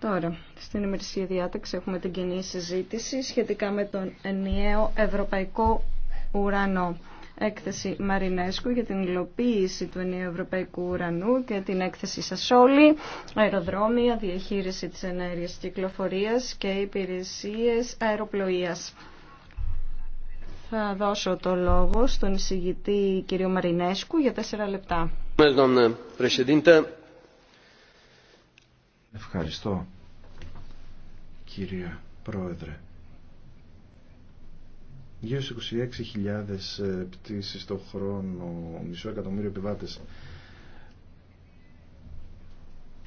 Τώρα, στην ημερησία διάταξη έχουμε την κοινή συζήτηση σχετικά με τον ενιαίο ευρωπαϊκό ουρανό. Έκθεση Μαρινέσκου για την υλοποίηση του ενιαίου ευρωπαϊκού ουρανού και την έκθεση Σασόλη, αεροδρόμια, διαχείριση της ενέργειας κυκλοφορίας και υπηρεσίες αεροπλοείας. Θα δώσω το λόγο στον εισηγητή κύριο Μαρινέσκου για τέσσερα λεπτά. Ευχαριστώ, κύριε Πρόεδρε. Γύρω στις 26.000 ε, πτήσεις το χρόνο, μισό εκατομμύριο επιβάτες.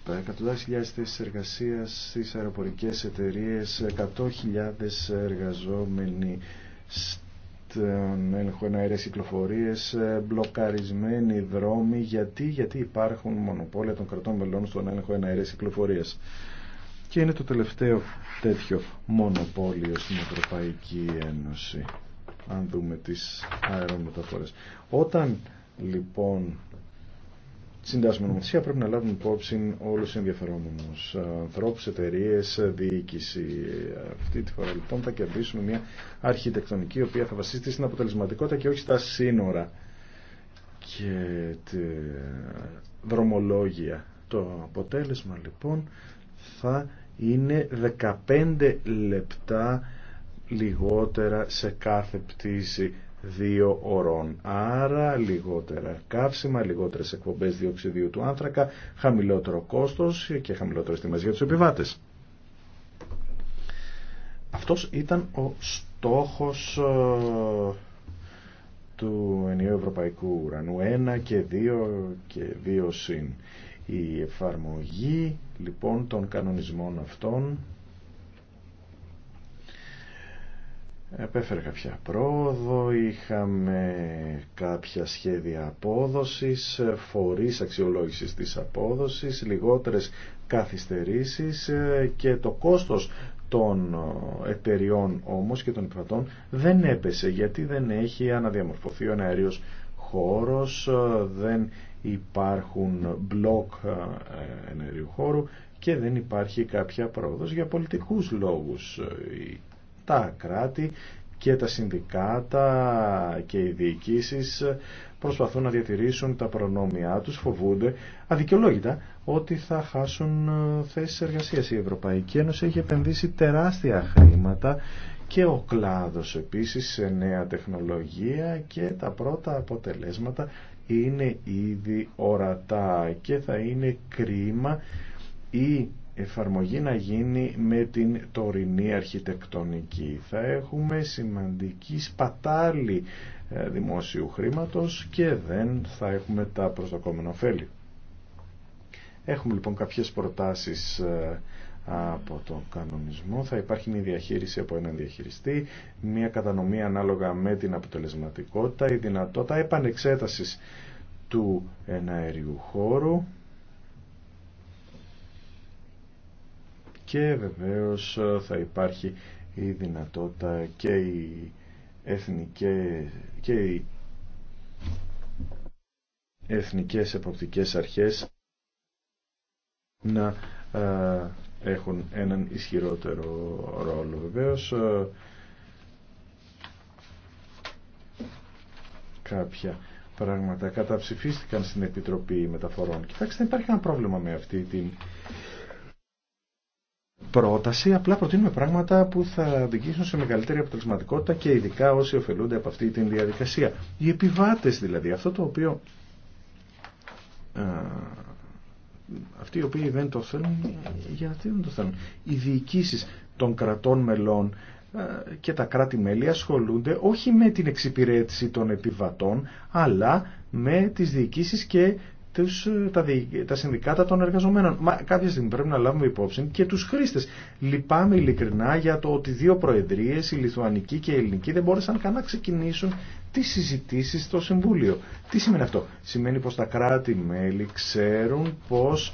Τα εργασίες, χιλιάδες θέσεις εργασίας στις αεροπορικές εταιρείες, 100.000 εργαζόμενοι τον ε, έλεγχο αέρες κυκλοφορίες, ε, μπλοκαρισμένοι δρόμοι. Γιατί, γιατί υπάρχουν μονοπόλια των κρατών μελών στον έλεγχο αέρες κυκλοφορίες. Και είναι το τελευταίο τέτοιο μονοπόλιο στην Ευρωπαϊκή Ένωση, αν δούμε τις αερομεταφορές. Όταν λοιπόν συντάσσουμε νομοθεσία πρέπει να λάβουμε υπόψη όλου του ενδιαφερόμενου ε, ανθρώπου, εταιρείε, διοίκηση. Αυτή τη φορά λοιπόν θα κερδίσουμε μια αρχιτεκτονική η οποία θα βασίζεται στην αποτελεσματικότητα και όχι στα σύνορα και τη δρομολόγια. Το αποτέλεσμα λοιπόν θα είναι 15 λεπτά λιγότερα σε κάθε πτήση δύο ωρών. Άρα λιγότερα καύσιμα, λιγότερες εκπομπές διοξιδίου του άνθρακα, χαμηλότερο κόστος και χαμηλότερες τιμές για τους επιβάτες. Αυτός ήταν ο στόχος ε, του ενιαίου ευρωπαϊκού ουρανού 1 και δύο και δύο συν. Η εφαρμογή λοιπόν των κανονισμών αυτών Επέφερε κάποια πρόοδο, είχαμε κάποια σχέδια απόδοσης, φορείς αξιολόγησης της απόδοσης, λιγότερες καθυστερήσεις ε, και το κόστος των ε, εταιριών όμως και των επιβατών δεν έπεσε γιατί δεν έχει αναδιαμορφωθεί ο αέριος χώρος, ε, δεν υπάρχουν μπλοκ ενεργείου χώρου και δεν υπάρχει κάποια πρόοδος για πολιτικούς λόγους τα κράτη και τα συνδικάτα και οι διοικήσεις προσπαθούν να διατηρήσουν τα προνόμια τους, φοβούνται αδικαιολόγητα ότι θα χάσουν ε, θέσεις εργασίας. Η Ευρωπαϊκή Ένωση έχει επενδύσει τεράστια χρήματα και ο κλάδος επίσης σε νέα τεχνολογία και τα πρώτα αποτελέσματα είναι ήδη ορατά και θα είναι κρίμα ή εφαρμογή να γίνει με την τωρινή αρχιτεκτονική. Θα έχουμε σημαντική σπατάλη ε, δημόσιου χρήματος και δεν θα έχουμε τα προσδοκόμενα ωφέλη. Έχουμε λοιπόν κάποιες προτάσεις ε, από τον κανονισμό. Θα υπάρχει μια διαχείριση από έναν διαχειριστή, μια κατανομή ανάλογα με την αποτελεσματικότητα, η δυνατότητα επανεξέτασης του εναέριου χώρου, και βεβαίως ε, θα υπάρχει η δυνατότητα και η και οι εθνικές εποπτικές αρχές να ε, έχουν έναν ισχυρότερο ρόλο βεβαίως ε, κάποια πράγματα καταψηφίστηκαν στην Επιτροπή Μεταφορών. Κοιτάξτε, υπάρχει ένα πρόβλημα με αυτή την πρόταση, απλά προτείνουμε πράγματα που θα οδηγήσουν σε μεγαλύτερη αποτελεσματικότητα και ειδικά όσοι ωφελούνται από αυτή την διαδικασία. Οι επιβάτες δηλαδή, αυτό το οποίο α, αυτοί οι οποίοι δεν το θέλουν, γιατί δεν το θέλουν. Οι διοικήσεις των κρατών μελών και τα κράτη-μέλη ασχολούνται όχι με την εξυπηρέτηση των επιβατών, αλλά με τις διοικήσεις και τους, τα, τα συνδικάτα των εργαζομένων. Μα κάποια στιγμή πρέπει να λάβουμε υπόψη και τους χρήστες. Λυπάμαι ειλικρινά για το ότι δύο προεδρίες, η Λιθουανική και η Ελληνική, δεν μπόρεσαν καν να ξεκινήσουν τι συζητήσεις στο Συμβούλιο. Τι σημαίνει αυτό. Σημαίνει πως τα κράτη-μέλη ξέρουν πως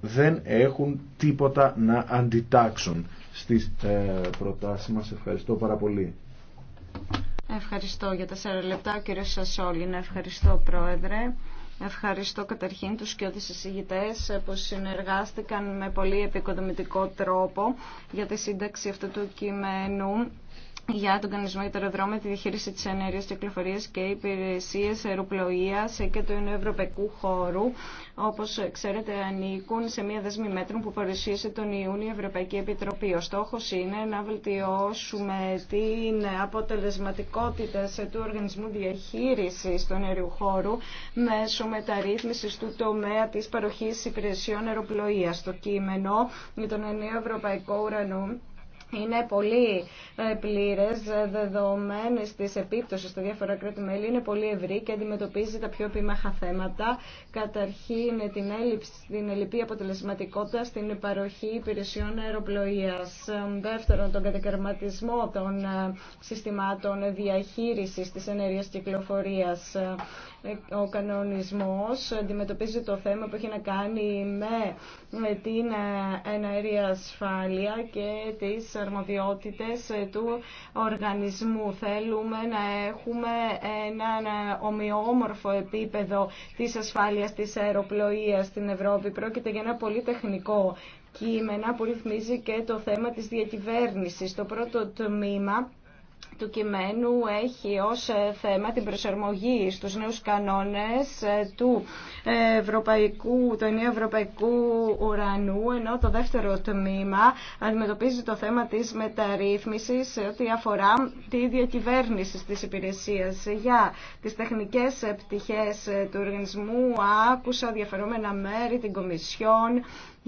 δεν έχουν τίποτα να αντιτάξουν στις ε, προτάσεις μας. Ευχαριστώ πάρα πολύ. Ευχαριστώ για τα 4 λεπτά, κύριε Σασόλη. Ευχαριστώ, Πρόεδρε. Ευχαριστώ καταρχήν τους και τις που συνεργάστηκαν με πολύ επικοδομητικό τρόπο για τη σύνταξη αυτού του κειμένου για τον κανονισμό για τα αεροδρόμια, τη διαχείριση της ενέργειας κυκλοφορίας και υπηρεσίε αεροπλοεία και του Ευρωπαϊκού χώρου. όπω ξέρετε ανήκουν σε μία δεσμή μέτρων που παρουσίασε τον Ιούνιο η Ευρωπαϊκή Επιτροπή. Ο στόχο είναι να βελτιώσουμε την αποτελεσματικότητα του οργανισμού διαχείριση των αερίου χώρου μέσω μεταρρύθμιση του τομέα τη παροχή υπηρεσιών αεροπλοεία. Το κείμενο με τον ενίο Ευρωπαϊκό Ουρανό είναι πολύ ε, πλήρε, δεδομένε τη επίπτωση στα διάφορα κράτη-μέλη, είναι πολύ ευρύ και αντιμετωπίζει τα πιο επίμαχα θέματα. Καταρχήν, ε, την, έλλειψη, την ελλειπή αποτελεσματικότητα στην παροχή υπηρεσιών αεροπλοεία. Ε, δεύτερον, τον κατακαιρματισμό των συστημάτων διαχείριση τη ενέργεια κυκλοφορία. Ο κανονισμό αντιμετωπίζει το θέμα που έχει να κάνει με την ενεργία ασφάλεια και τις αρμοδιότητες ε, του οργανισμού. Θέλουμε να έχουμε ένα ε, ομοιόμορφο επίπεδο της ασφάλειας της αεροπλοείας στην Ευρώπη. Πρόκειται για ένα πολύ τεχνικό κείμενα που ρυθμίζει και το θέμα της διακυβέρνησης. Το πρώτο τμήμα του κειμένου έχει ως ε, θέμα την προσαρμογή στους νέους κανόνες ε, του ευρωπαϊκού, του ενίου ευρωπαϊκού ουρανού, ενώ το δεύτερο τμήμα αντιμετωπίζει το θέμα της μεταρρύθμισης ό,τι αφορά τη διακυβέρνηση της υπηρεσίας. Για τις τεχνικές πτυχές του οργανισμού άκουσα διαφερόμενα μέρη, την Κομισιόν,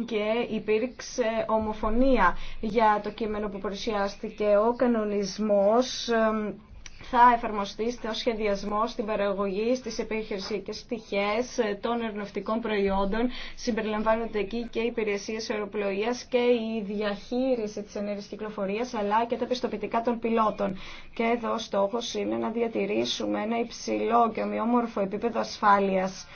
και υπήρξε ομοφωνία για το κείμενο που παρουσιάστηκε. Ο κανονισμός θα εφαρμοστεί στο σχεδιασμό, στην παραγωγή, στις επιχειρησιακές στοιχές ε, των ερνευτικών προϊόντων. Συμπεριλαμβάνονται εκεί και οι υπηρεσίες αεροπλοείας και η διαχείριση της ενέργειας κυκλοφορίας, αλλά και τα πιστοποιητικά των πιλότων. Και εδώ στόχος είναι να διατηρήσουμε ένα υψηλό και ομοιόμορφο επίπεδο ασφάλειας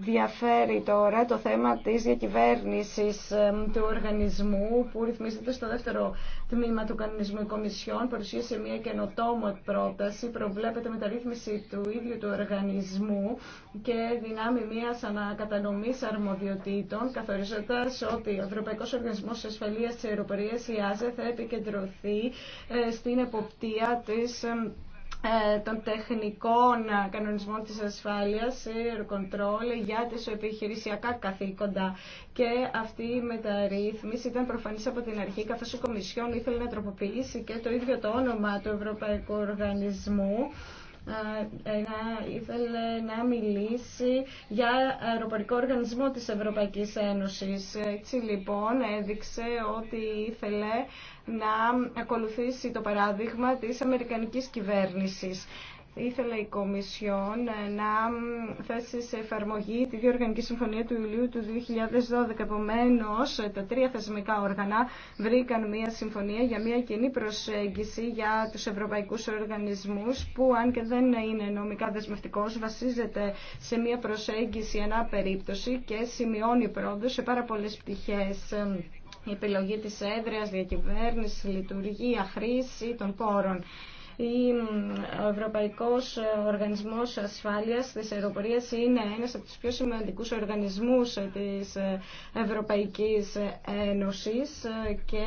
διαφέρει τώρα το θέμα της διακυβέρνησης ε, του οργανισμού που ρυθμίζεται στο δεύτερο τμήμα του κανονισμού κομισιών παρουσίασε μια καινοτόμο πρόταση προβλέπεται μεταρρύθμιση του ίδιου του οργανισμού και δυνάμει μια ανακατανομής αρμοδιοτήτων καθορίζοντα ότι ο Ευρωπαϊκός Οργανισμός Ασφαλείας της Αεροπορίας η ΆΖΕ θα επικεντρωθεί ε, στην εποπτεία της ε, ε, των τεχνικών ε, κανονισμών της ασφάλειας, ε, Control για τις επιχειρησιακά καθήκοντα. Και αυτή η μεταρρύθμιση ήταν προφανής από την αρχή, καθώς η Κομισιόν ήθελε να τροποποιήσει και το ίδιο το όνομα του Ευρωπαϊκού Οργανισμού να ήθελε να μιλήσει για αεροπορικό οργανισμό της Ευρωπαϊκής Ένωσης. Έτσι λοιπόν έδειξε ότι ήθελε να ακολουθήσει το παράδειγμα της Αμερικανικής κυβέρνησης ήθελε η Κομισιόν ε, να θέσει σε εφαρμογή τη Διοργανική Συμφωνία του Ιουλίου του 2012. Επομένω, ε, τα τρία θεσμικά όργανα βρήκαν μια συμφωνία για μια κοινή προσέγγιση για τους ευρωπαϊκούς οργανισμούς που αν και δεν είναι νομικά δεσμευτικό, βασίζεται σε μια προσέγγιση ένα περίπτωση και σημειώνει πρόοδο σε πάρα πολλέ πτυχέ. η επιλογή της έδρας, διακυβέρνηση, λειτουργία, χρήση των πόρων ο Ευρωπαϊκός Οργανισμός Ασφάλειας της Αεροπορίας είναι ένας από τους πιο σημαντικούς οργανισμούς της Ευρωπαϊκής Ένωσης και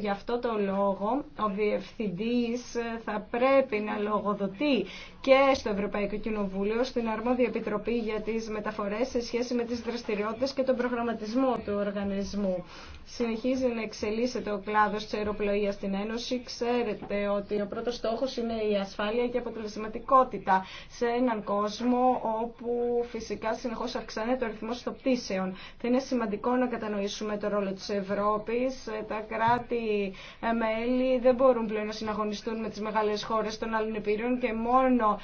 γι' αυτό το λόγο ο Διευθυντής θα πρέπει να λογοδοτεί και στο Ευρωπαϊκό Κοινοβούλιο, στην Αρμόδια Επιτροπή για τις Μεταφορές σε σχέση με τις δραστηριότητες και τον προγραμματισμό του οργανισμού. Συνεχίζει να εξελίσσεται ο κλάδος της αεροπλοείας στην Ένωση. Ξέρετε ότι ο το στόχος είναι η ασφάλεια και η αποτελεσματικότητα σε έναν κόσμο όπου φυσικά συνεχώς αυξάνεται ο ρυθμός των πτήσεων. Θα είναι σημαντικό να κατανοήσουμε το ρόλο της Ευρώπης. Τα κράτη-μέλη ε, δεν μπορούν πλέον να συναγωνιστούν με τις μεγάλες χώρες των άλλων επίρων και μόνο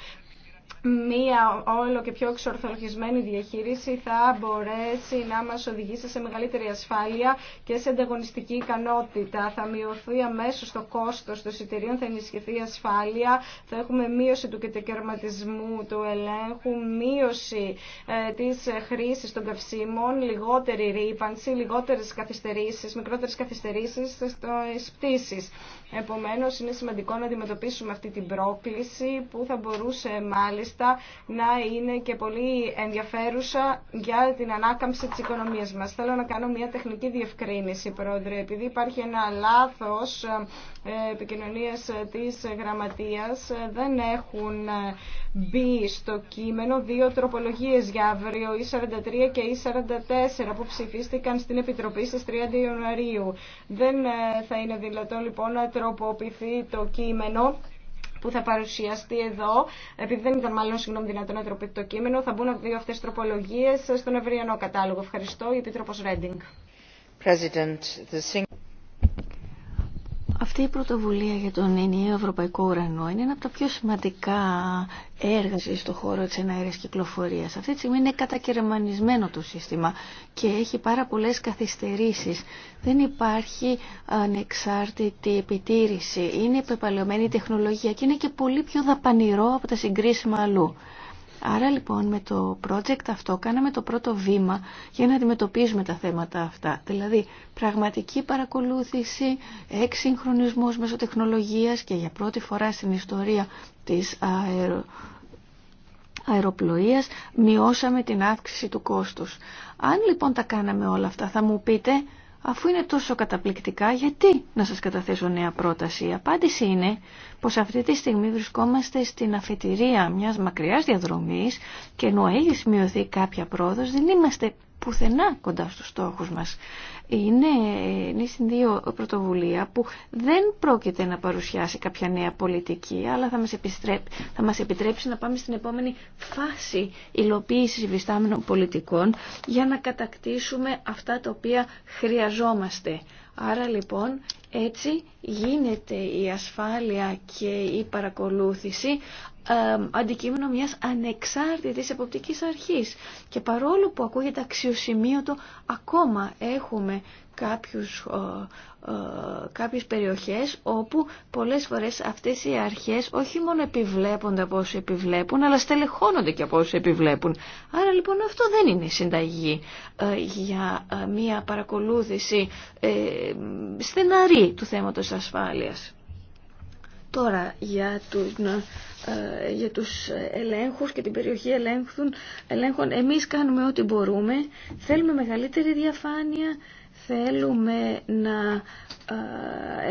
μία όλο και πιο εξορθολογισμένη διαχείριση θα μπορέσει να μας οδηγήσει σε μεγαλύτερη ασφάλεια και σε ανταγωνιστική ικανότητα. Θα μειωθεί αμέσω το κόστο, των εισιτηρίων, θα ενισχυθεί η ασφάλεια, θα έχουμε μείωση του κετεκερματισμού, του ελέγχου, μείωση ε, της χρήσης των καυσίμων, λιγότερη ρήπανση, λιγότερες καθυστερήσει, μικρότερες καθυστερήσει στι πτήσει. Επομένως, είναι σημαντικό να αντιμετωπίσουμε αυτή την πρόκληση που θα μπορούσε μάλλον να είναι και πολύ ενδιαφέρουσα για την ανάκαμψη της οικονομίας μας. Θέλω να κάνω μια τεχνική διευκρίνηση, Πρόεδρε, επειδή υπάρχει ένα λάθος ε, επικοινωνίας της γραμματείας, δεν έχουν ε, μπει στο κείμενο δύο τροπολογίες για αύριο, η 43 και η 44, που ψηφίστηκαν στην Επιτροπή στις 30 Ιανουαρίου. Δεν ε, θα είναι δυνατόν λοιπόν να τροποποιηθεί το κείμενο που θα παρουσιαστεί εδώ, επειδή δεν ήταν μάλλον συγγνώμη δυνατόν να τροπεί το κείμενο, θα μπουν δύο αυτές τροπολογίες στον ευριανό κατάλογο. Ευχαριστώ, η Επίτροπος Ρέντινγκ. Αυτή η πρωτοβουλία για τον ενιαίο ευρωπαϊκό ουρανό είναι ένα από τα πιο σημαντικά έργα στον χώρο της εναέρειας κυκλοφορίας. Αυτή τη στιγμή είναι κατακαιρεμανισμένο το σύστημα και έχει πάρα πολλές καθυστερήσεις. Δεν υπάρχει ανεξάρτητη επιτήρηση. Είναι υπεπαλαιωμένη η τεχνολογία και είναι και πολύ πιο δαπανηρό από τα συγκρίσιμα αλλού. Άρα λοιπόν με το project αυτό κάναμε το πρώτο βήμα για να αντιμετωπίζουμε τα θέματα αυτά. Δηλαδή πραγματική παρακολούθηση, εξυγχρονισμός μέσω τεχνολογίας και για πρώτη φορά στην ιστορία της αερο... αεροπλοείας μειώσαμε την αύξηση του κόστους. Αν λοιπόν τα κάναμε όλα αυτά θα μου πείτε Αφού είναι τόσο καταπληκτικά, γιατί να σας καταθέσω νέα πρόταση. Η απάντηση είναι πως αυτή τη στιγμή βρισκόμαστε στην αφετηρία μιας μακριάς διαδρομής και ενώ έχει σημειωθεί κάποια πρόοδος δεν είμαστε πουθενά κοντά στους στόχους μας. Είναι, είναι δύο πρωτοβουλία που δεν πρόκειται να παρουσιάσει κάποια νέα πολιτική, αλλά θα μας, επιτρέψει να πάμε στην επόμενη φάση υλοποίησης υφιστάμενων πολιτικών για να κατακτήσουμε αυτά τα οποία χρειαζόμαστε. Άρα λοιπόν έτσι γίνεται η ασφάλεια και η παρακολούθηση αντικείμενο μιας ανεξάρτητης εποπτικής αρχής. Και παρόλο που ακούγεται αξιοσημείωτο, ακόμα έχουμε κάποιους, ε, ε, κάποιες περιοχές όπου πολλές φορές αυτές οι αρχές όχι μόνο επιβλέπονται από όσους επιβλέπουν αλλά στελεχώνονται και από όσους επιβλέπουν. Άρα λοιπόν αυτό δεν είναι συνταγή ε, για ε, μια παρακολούθηση στεναρή του θέματος ασφάλειας. Τώρα για, του ε, τους ελέγχους και την περιοχή ελέγχων, ελέγχων εμείς κάνουμε ό,τι μπορούμε. Θέλουμε μεγαλύτερη διαφάνεια, Θέλουμε να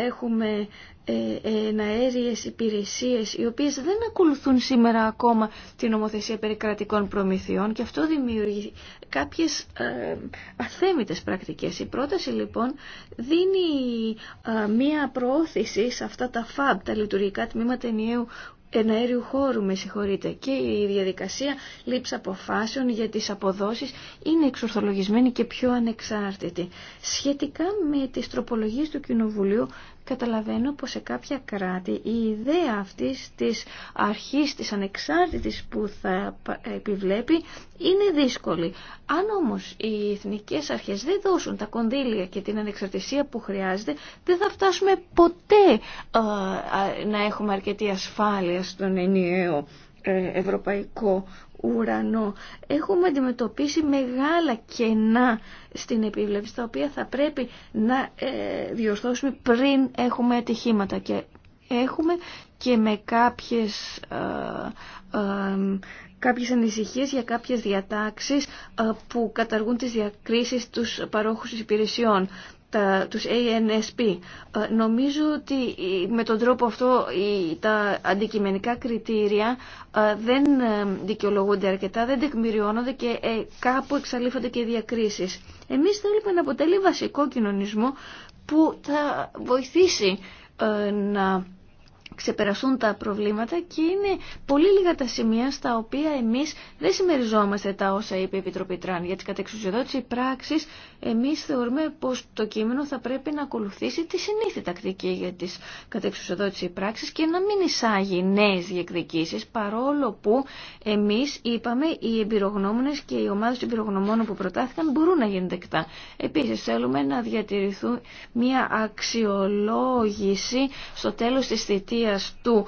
έχουμε ε, εναέριες υπηρεσίες οι οποίες δεν ακολουθούν σήμερα ακόμα την νομοθεσία περί κρατικών προμηθειών και αυτό δημιουργεί κάποιες ε, αθέμητες πρακτικές. Η πρόταση λοιπόν δίνει ε, μία προώθηση σε αυτά τα FAB, τα λειτουργικά τμήματα ενιαίου εναέριου χώρου, με συγχωρείτε, και η διαδικασία λήψη αποφάσεων για τις αποδόσεις είναι εξορθολογισμένη και πιο ανεξάρτητη. Σχετικά με τις τροπολογίες του Κοινοβουλίου Καταλαβαίνω πως σε κάποια κράτη η ιδέα αυτής της αρχής της ανεξάρτητης που θα επιβλέπει είναι δύσκολη. Αν όμως οι εθνικές αρχές δεν δώσουν τα κονδύλια και την ανεξαρτησία που χρειάζεται, δεν θα φτάσουμε ποτέ να έχουμε αρκετή ασφάλεια στον ενιαίο ε, ευρωπαϊκό ουρανό. Έχουμε αντιμετωπίσει μεγάλα κενά στην επιβλέψη, τα οποία θα πρέπει να ε, διορθώσουμε πριν έχουμε ατυχήματα. Και έχουμε και με κάποιες, ε, ε κάποιες ανησυχίες για κάποιες διατάξεις ε, που καταργούν τις διακρίσεις τους παρόχους υπηρεσιών τα, τους ANSP. Ε, νομίζω ότι με τον τρόπο αυτό τα αντικειμενικά κριτήρια ε, δεν ε, δικαιολογούνται αρκετά, δεν τεκμηριώνονται και κάπου εξαλείφονται και οι διακρίσεις. Εμείς θέλουμε να αποτελεί βασικό κοινωνισμό που θα βοηθήσει να ξεπερασούν τα προβλήματα και είναι πολύ λίγα τα σημεία στα οποία εμείς δεν συμμεριζόμαστε τα όσα είπε η Επιτροπή Τραν. Για τις κατεξουσιοδότηση πράξη. εμείς θεωρούμε πως το κείμενο θα πρέπει να ακολουθήσει τη συνήθεια τακτική για τις κατεξουσιοδότηση πράξη και να μην εισάγει νέες διεκδικήσεις παρόλο που εμείς είπαμε οι εμπειρογνώμονες και οι ομάδες των εμπειρογνωμόνων που προτάθηκαν μπορούν να γίνουν δεκτά. Επίσης θέλουμε να διατηρηθούν μια αξιολόγηση στο τέλος της θητείας του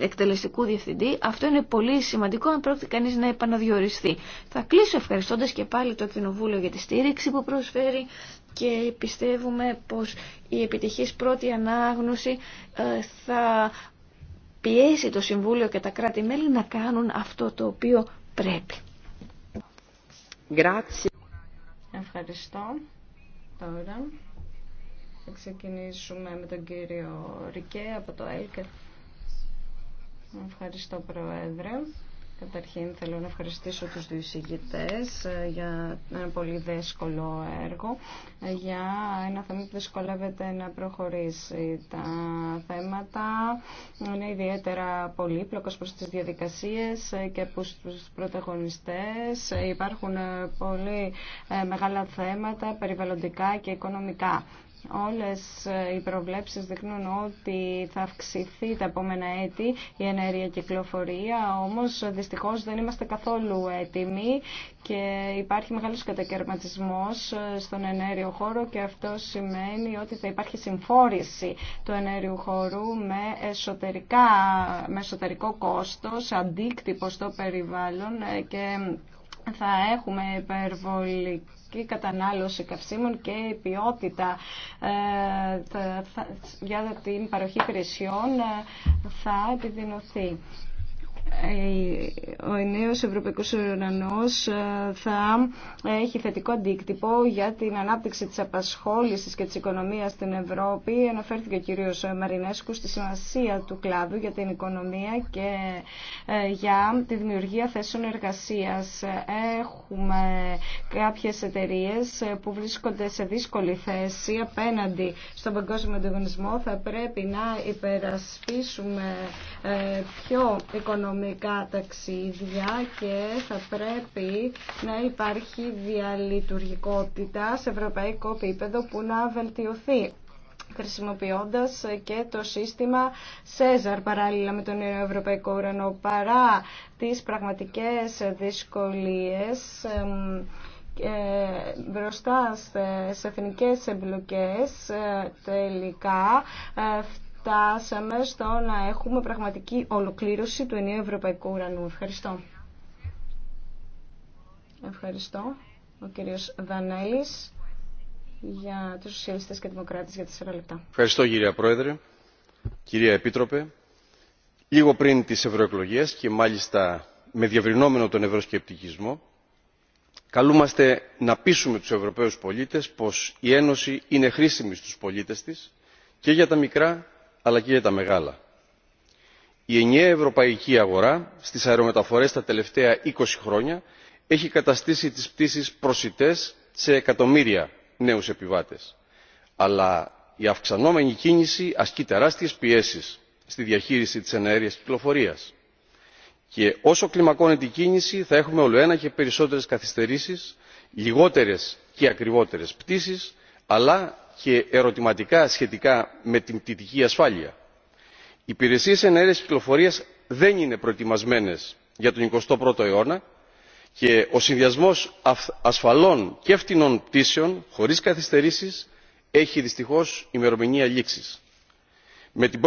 ε, εκτελεστικού διευθυντή. Αυτό είναι πολύ σημαντικό αν πρόκειται κανείς να επαναδιοριστεί. Θα κλείσω ευχαριστώντας και πάλι το Κοινοβούλιο για τη στήριξη που προσφέρει και πιστεύουμε πως η επιτυχής πρώτη ανάγνωση ε, θα πιέσει το Συμβούλιο και τα κράτη-μέλη να κάνουν αυτό το οποίο πρέπει. Ευχαριστώ. Τώρα. Θα ξεκινήσουμε με τον κύριο Ρικέ από το ΕΛΚΕ. Ευχαριστώ Πρόεδρε. Καταρχήν θέλω να ευχαριστήσω τους δύο ε, για ένα πολύ δύσκολο έργο, ε, για ένα θέμα που δυσκολεύεται να προχωρήσει. Τα θέματα είναι ιδιαίτερα πολύπλοκος προς τις διαδικασίες ε, και προς τους πρωταγωνιστές. Υπάρχουν πολύ μεγάλα θέματα περιβαλλοντικά και οικονομικά. Όλες ε, οι προβλέψεις δείχνουν ότι θα αυξηθεί τα επόμενα έτη η ενέργεια κυκλοφορία, όμως δυστυχώς δεν είμαστε καθόλου έτοιμοι και υπάρχει μεγάλος κατακαιρματισμός ε, στον ενέργειο χώρο και αυτό σημαίνει ότι θα υπάρχει συμφόρηση του ενέργειου χώρου με, εσωτερικά, με εσωτερικό κόστος, αντίκτυπο στο περιβάλλον ε, και θα έχουμε υπερβολικά και κατανάλωση καυσίμων και η ποιότητα ε, για την παροχή υπηρεσιών ε, θα επιδεινωθεί. Ε, ο νέος Ευρωπαϊκός Ουρανός ε, θα έχει θετικό αντίκτυπο για την ανάπτυξη της απασχόλησης και της οικονομίας στην Ευρώπη. Αναφέρθηκε ο κύριος Μαρινέσκου στη σημασία του κλάδου για την οικονομία και ε, για τη δημιουργία θέσεων εργασίας. Έχουμε κάποιες εταιρείες που βρίσκονται σε δύσκολη θέση απέναντι στον παγκόσμιο ανταγωνισμό. Θα πρέπει να υπερασπίσουμε πιο οικονομικά με ταξίδια και θα πρέπει να υπάρχει διαλειτουργικότητα σε ευρωπαϊκό επίπεδο που να βελτιωθεί χρησιμοποιώντας και το σύστημα ΣΕΖΑΡ παράλληλα με τον Ευρωπαϊκό Ουρανό παρά τις πραγματικές δυσκολίες ε, μπροστά σε εθνικές εμπλοκές ε, τελικά ε, φτάσαμε στο να έχουμε πραγματική ολοκλήρωση του ενίου ευρωπαϊκού ουρανού. Ευχαριστώ. Ευχαριστώ. Ο κύριος Δανέλης για τους Σοσιαλιστές και Δημοκράτες για 4 λεπτά. Ευχαριστώ κύριε Πρόεδρε, κυρία Επίτροπε. Λίγο πριν τις ευρωεκλογέ και μάλιστα με διαβρινόμενο τον ευρωσκεπτικισμό, καλούμαστε να πείσουμε τους Ευρωπαίους πολίτες πως η Ένωση είναι χρήσιμη στους πολίτες της και για τα μικρά αλλά και για τα μεγάλα. η ενιαία ευρωπαϊκή αγορά στις αερομεταφορές τα τελευταία 20 χρόνια έχει καταστήσει τις πτήσεις προσιτές σε εκατομμύρια νέους επιβάτες αλλά η αυξανόμενη κίνηση ασκεί τεράστιες πιέσεις στη διαχείριση της εναέρειας κυκλοφορίας και όσο κλιμακώνεται η κίνηση θα έχουμε ολοένα και περισσότερες καθυστερήσεις λιγότερες και ακριβότερες πτήσεις αλλά και ερωτηματικά σχετικά με την πτυτική ασφάλεια. οι υπηρεσίε και κυκλοφορία δεν είναι προετοιμασμένε για τον 21ο αιώνα και ο συνδυασμό ασφαλών και φτηνών πτήσεων χωρί καθυστερήσει έχει δυστυχώ ημερομηνία λήξη. με την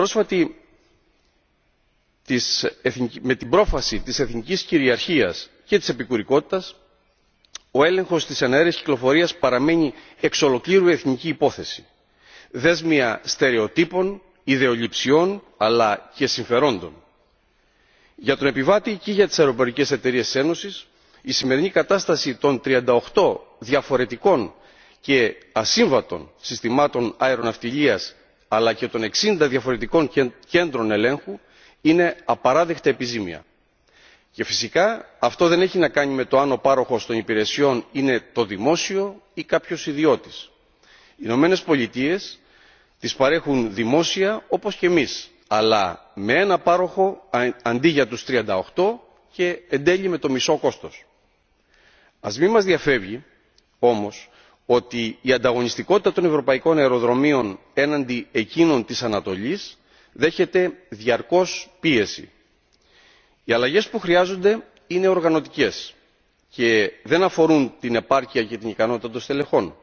με την πρόφαση της εθνικής κυριαρχίας και της επικουρικότητας ο έλεγχος της εναέρειας κυκλοφορίας παραμένει εξ ολοκλήρου εθνική υπόθεση δέσμια στερεοτύπων ιδεολειψιών αλλά και συμφερόντων. για τον επιβάτη και για τις αεροπορικές εταιρείες της ένωσης η σημερινή κατάσταση των 38 διαφορετικών και ασύμβατων συστημάτων αεροναυτιλίας αλλά και των 60 διαφορετικών κέντρων ελέγχου είναι απαράδεκτα επιζήμια και φυσικά αυτό δεν έχει να κάνει με το αν ο πάροχος των υπηρεσιών είναι το δημόσιο ή κάποιος ιδιώτης. οι ηνωμένε πολιτείε τις παρέχουν δημόσια όπως και εμείς αλλά με ένα πάροχο αντί για τους 38 και εν τέλει με το μισό κόστος. Ας μην μας διαφεύγει όμως ότι η ανταγωνιστικότητα των ευρωπαϊκών αεροδρομίων έναντι εκείνων της ανατολής δέχεται διαρκώς πίεση οι αλλαγές που χρειάζονται είναι οργανωτικές και δεν αφορούν την επάρκεια και την ικανότητα των στελεχών.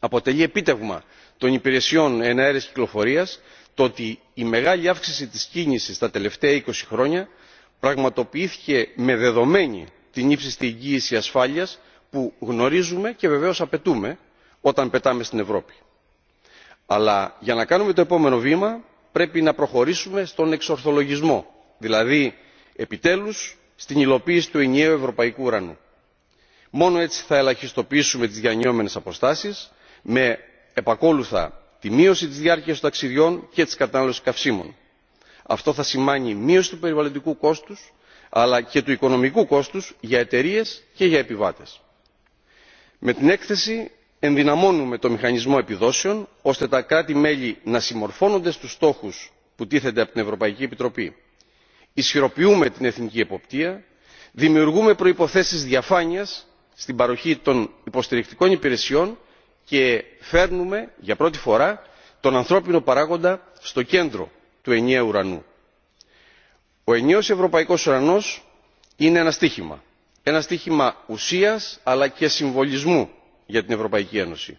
αποτελεί επίτευγμα των υπηρεσιών αέρης κυκλοφορίας το ότι η μεγάλη αύξηση της κίνησης τα τελευταία 20 χρόνια πραγματοποιήθηκε με δεδομένη την ύψιστη εγγύηση ασφάλειας που γνωρίζουμε και βεβαίως απαιτούμε όταν πετάμε στην ευρώπη. αλλά για να κάνουμε το επόμενο βήμα πρέπει να προχωρήσουμε στον εξορθολογισμό δηλαδή επιτέλους στην υλοποίηση του ενιαίου ευρωπαϊκού ουρανού. μόνο έτσι θα ελαχιστοποιήσουμε τις διανυόμενες αποστάσεις με επακόλουθα τη μείωση της διάρκειας των ταξιδιών και της κατανάλωσης καυσίμων. αυτό θα σημάνει μείωση του περιβαλλοντικού κόστους αλλά και του οικονομικού κόστους για εταιρείε και για επιβάτες. με την έκθεση ενδυναμώνουμε το μηχανισμό επιδόσεων ώστε τα κράτη μέλη να συμμορφώνονται στους στόχους που τίθενται από την ευρωπαϊκή επιτροπή ισχυροποιούμε την εθνική εποπτεία δημιουργούμε προϋποθέσεις διαφάνειας στην παροχή των υποστηρικτικών υπηρεσιών και φέρνουμε για πρώτη φορά τον ανθρώπινο παράγοντα στο κέντρο του ενιαίου ουρανού. Ο ενιαίος ευρωπαϊκός ουρανός είναι ένα στίχημα. Ένα στίχημα ουσίας αλλά και συμβολισμού για την Ευρωπαϊκή Ένωση.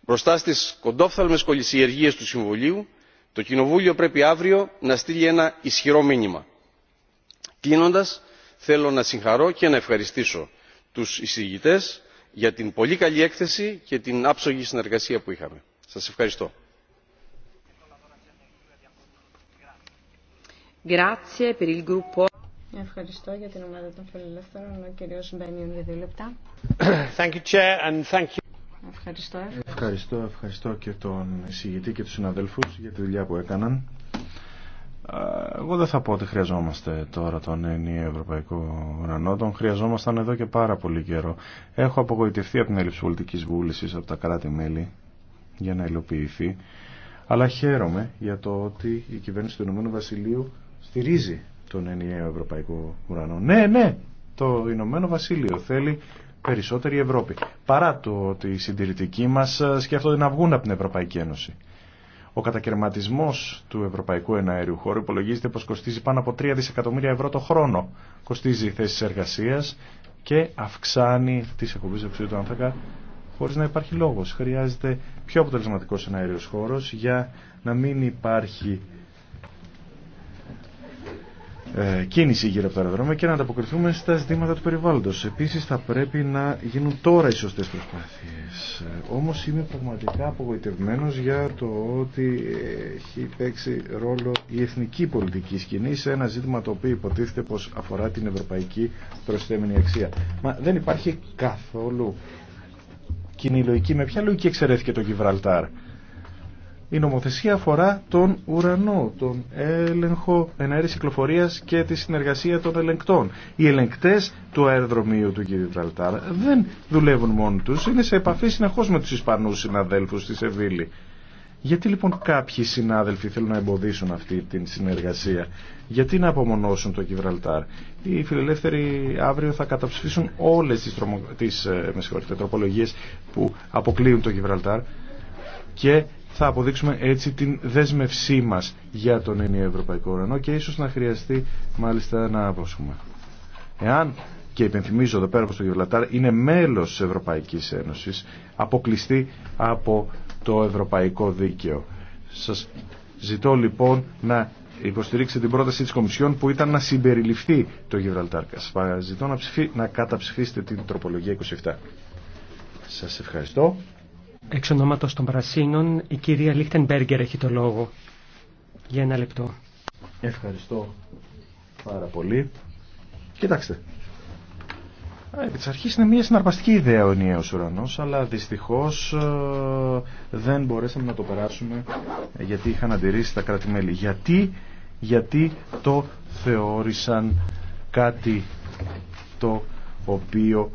Μπροστά στις κοντόφθαλμες κολυσιεργίες του Συμβουλίου, το Κοινοβούλιο πρέπει αύριο να στείλει ένα ισχυρό μήνυμα κλείνοντας θέλω να συγχαρώ και να ευχαριστήσω τους εισηγητές για την πολύ καλή έκθεση και την άψογη συνεργασία που είχαμε. Σας ευχαριστώ. Ευχαριστώ για την ομάδα των φιλελεύθερων. Ο κύριος Μπένιον για δύο λεπτά. Thank you, Chair, and thank you. Ευχαριστώ. Ευχαριστώ, ευχαριστώ και τον εισηγητή και τους συναδέλφους για τη δουλειά που έκαναν. Εγώ δεν θα πω ότι χρειαζόμαστε τώρα τον ενιαίο ευρωπαϊκό ουρανό, τον χρειαζόμασταν εδώ και πάρα πολύ καιρό. Έχω απογοητευτεί από την έλλειψη πολιτική βούληση από τα κράτη-μέλη για να υλοποιηθεί, αλλά χαίρομαι για το ότι η κυβέρνηση του Ηνωμένου Βασιλείου στηρίζει τον ενιαίο ευρωπαϊκό ουρανό. Ναι, ναι, το Ηνωμένο Βασίλειο θέλει περισσότερη Ευρώπη, παρά το ότι οι συντηρητικοί μα ε, σκέφτονται να βγουν από την Ευρωπαϊκή Ένωση. Ο κατακαιρματισμό του ευρωπαϊκού εναέριου χώρου υπολογίζεται πω κοστίζει πάνω από 3 δισεκατομμύρια ευρώ το χρόνο. Κοστίζει θέσεις εργασία και αυξάνει τις εκπομπέ δεξιού του άνθρακα χωρίς να υπάρχει λόγος. Χρειάζεται πιο αποτελεσματικός εναέριος χώρος για να μην υπάρχει ε, κίνηση γύρω από τα αεροδρόμια και να ανταποκριθούμε στα ζητήματα του περιβάλλοντος. Επίσης θα πρέπει να γίνουν τώρα οι σωστές προσπάθειες. Ε, όμως είμαι πραγματικά απογοητευμένος για το ότι έχει παίξει ρόλο η εθνική πολιτική σκηνή σε ένα ζήτημα το οποίο υποτίθεται πως αφορά την ευρωπαϊκή προσθέμενη αξία. Μα δεν υπάρχει καθόλου κοινή λογική. Με ποια λογική εξαιρέθηκε το Γιβραλτάρ. Η νομοθεσία αφορά τον ουρανό, τον έλεγχο αέρη κυκλοφορία και τη συνεργασία των ελεγκτών. Οι ελεγκτέ του αεροδρομίου του κ. δεν δουλεύουν μόνοι του, είναι σε επαφή συνεχώ με του Ισπανού συναδέλφου στη Σεβίλη. Γιατί λοιπόν κάποιοι συνάδελφοι θέλουν να εμποδίσουν αυτή την συνεργασία, γιατί να απομονώσουν το Γιβραλτάρ. Οι φιλελεύθεροι αύριο θα καταψηφίσουν όλες τις, τρομο... τις ε, τροπολογίες που αποκλείουν το Γιβραλτάρ και θα αποδείξουμε έτσι την δέσμευσή μας για τον ενιαίο ευρωπαϊκό ουρανό και ίσως να χρειαστεί μάλιστα να αποσχούμε. Εάν και υπενθυμίζω εδώ πέρα πως το Γιβλατάρ είναι μέλος της Ευρωπαϊκής Ένωσης αποκλειστεί από το Ευρωπαϊκό Δίκαιο. Σας ζητώ λοιπόν να υποστηρίξετε την πρόταση της Κομισιόν που ήταν να συμπεριληφθεί το Γιβραλτάρ. Σας ζητώ να, ψηφί, να καταψηφίσετε την τροπολογία 27. Σας ευχαριστώ. Εξ ονόματος των Πρασίνων, η κυρία Λίχτενμπέργκερ έχει το λόγο. Για ένα λεπτό. Ευχαριστώ πάρα πολύ. Κοιτάξτε. Επί της αρχής είναι μια συναρπαστική ιδέα ο ενιαίος ουρανός, αλλά δυστυχώς ε, δεν μπορέσαμε να το περάσουμε γιατί είχαν αντιρρήσει τα κράτη-μέλη. Γιατί, γιατί το θεώρησαν κάτι το οποίο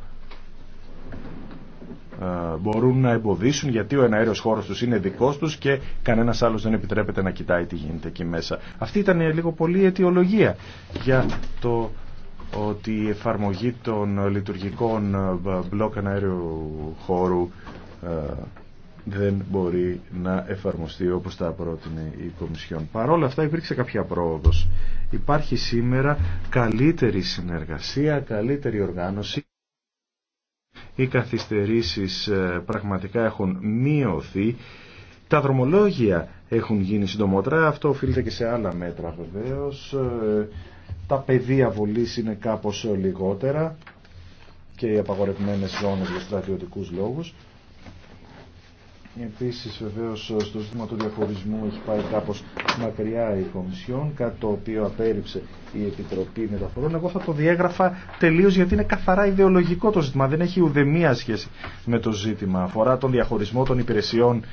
ε, μπορούν να εμποδίσουν γιατί ο εναέριος χώρος τους είναι δικός τους και κανένας άλλος δεν επιτρέπεται να κοιτάει τι γίνεται εκεί μέσα. Αυτή ήταν λίγο πολύ αιτιολογία για το ότι η εφαρμογή των λειτουργικών ε, μπλοκ εναέριου χώρου ε, δεν μπορεί να εφαρμοστεί όπως τα πρότεινε η Κομισιόν. Παρ' όλα αυτά υπήρξε κάποια πρόοδος. Υπάρχει σήμερα καλύτερη συνεργασία, καλύτερη οργάνωση οι καθυστερήσεις ε, πραγματικά έχουν μειωθεί. Τα δρομολόγια έχουν γίνει συντομότερα, αυτό οφείλεται και σε άλλα μέτρα βεβαίως. Ε, τα πεδία βολής είναι κάπως λιγότερα και οι απαγορευμένες ζώνες για στρατιωτικούς λόγους. Επίσης βεβαίως στο ζήτημα του διαχωρισμού έχει πάει κάπως μακριά η Κομισιόν, κάτι το οποίο απέρριψε η Επιτροπή Μεταφορών. Εγώ θα το διέγραφα τελείως γιατί είναι καθαρά ιδεολογικό το ζήτημα, δεν έχει ουδεμία σχέση με το ζήτημα. Αφορά τον διαχωρισμό των υπηρεσιών,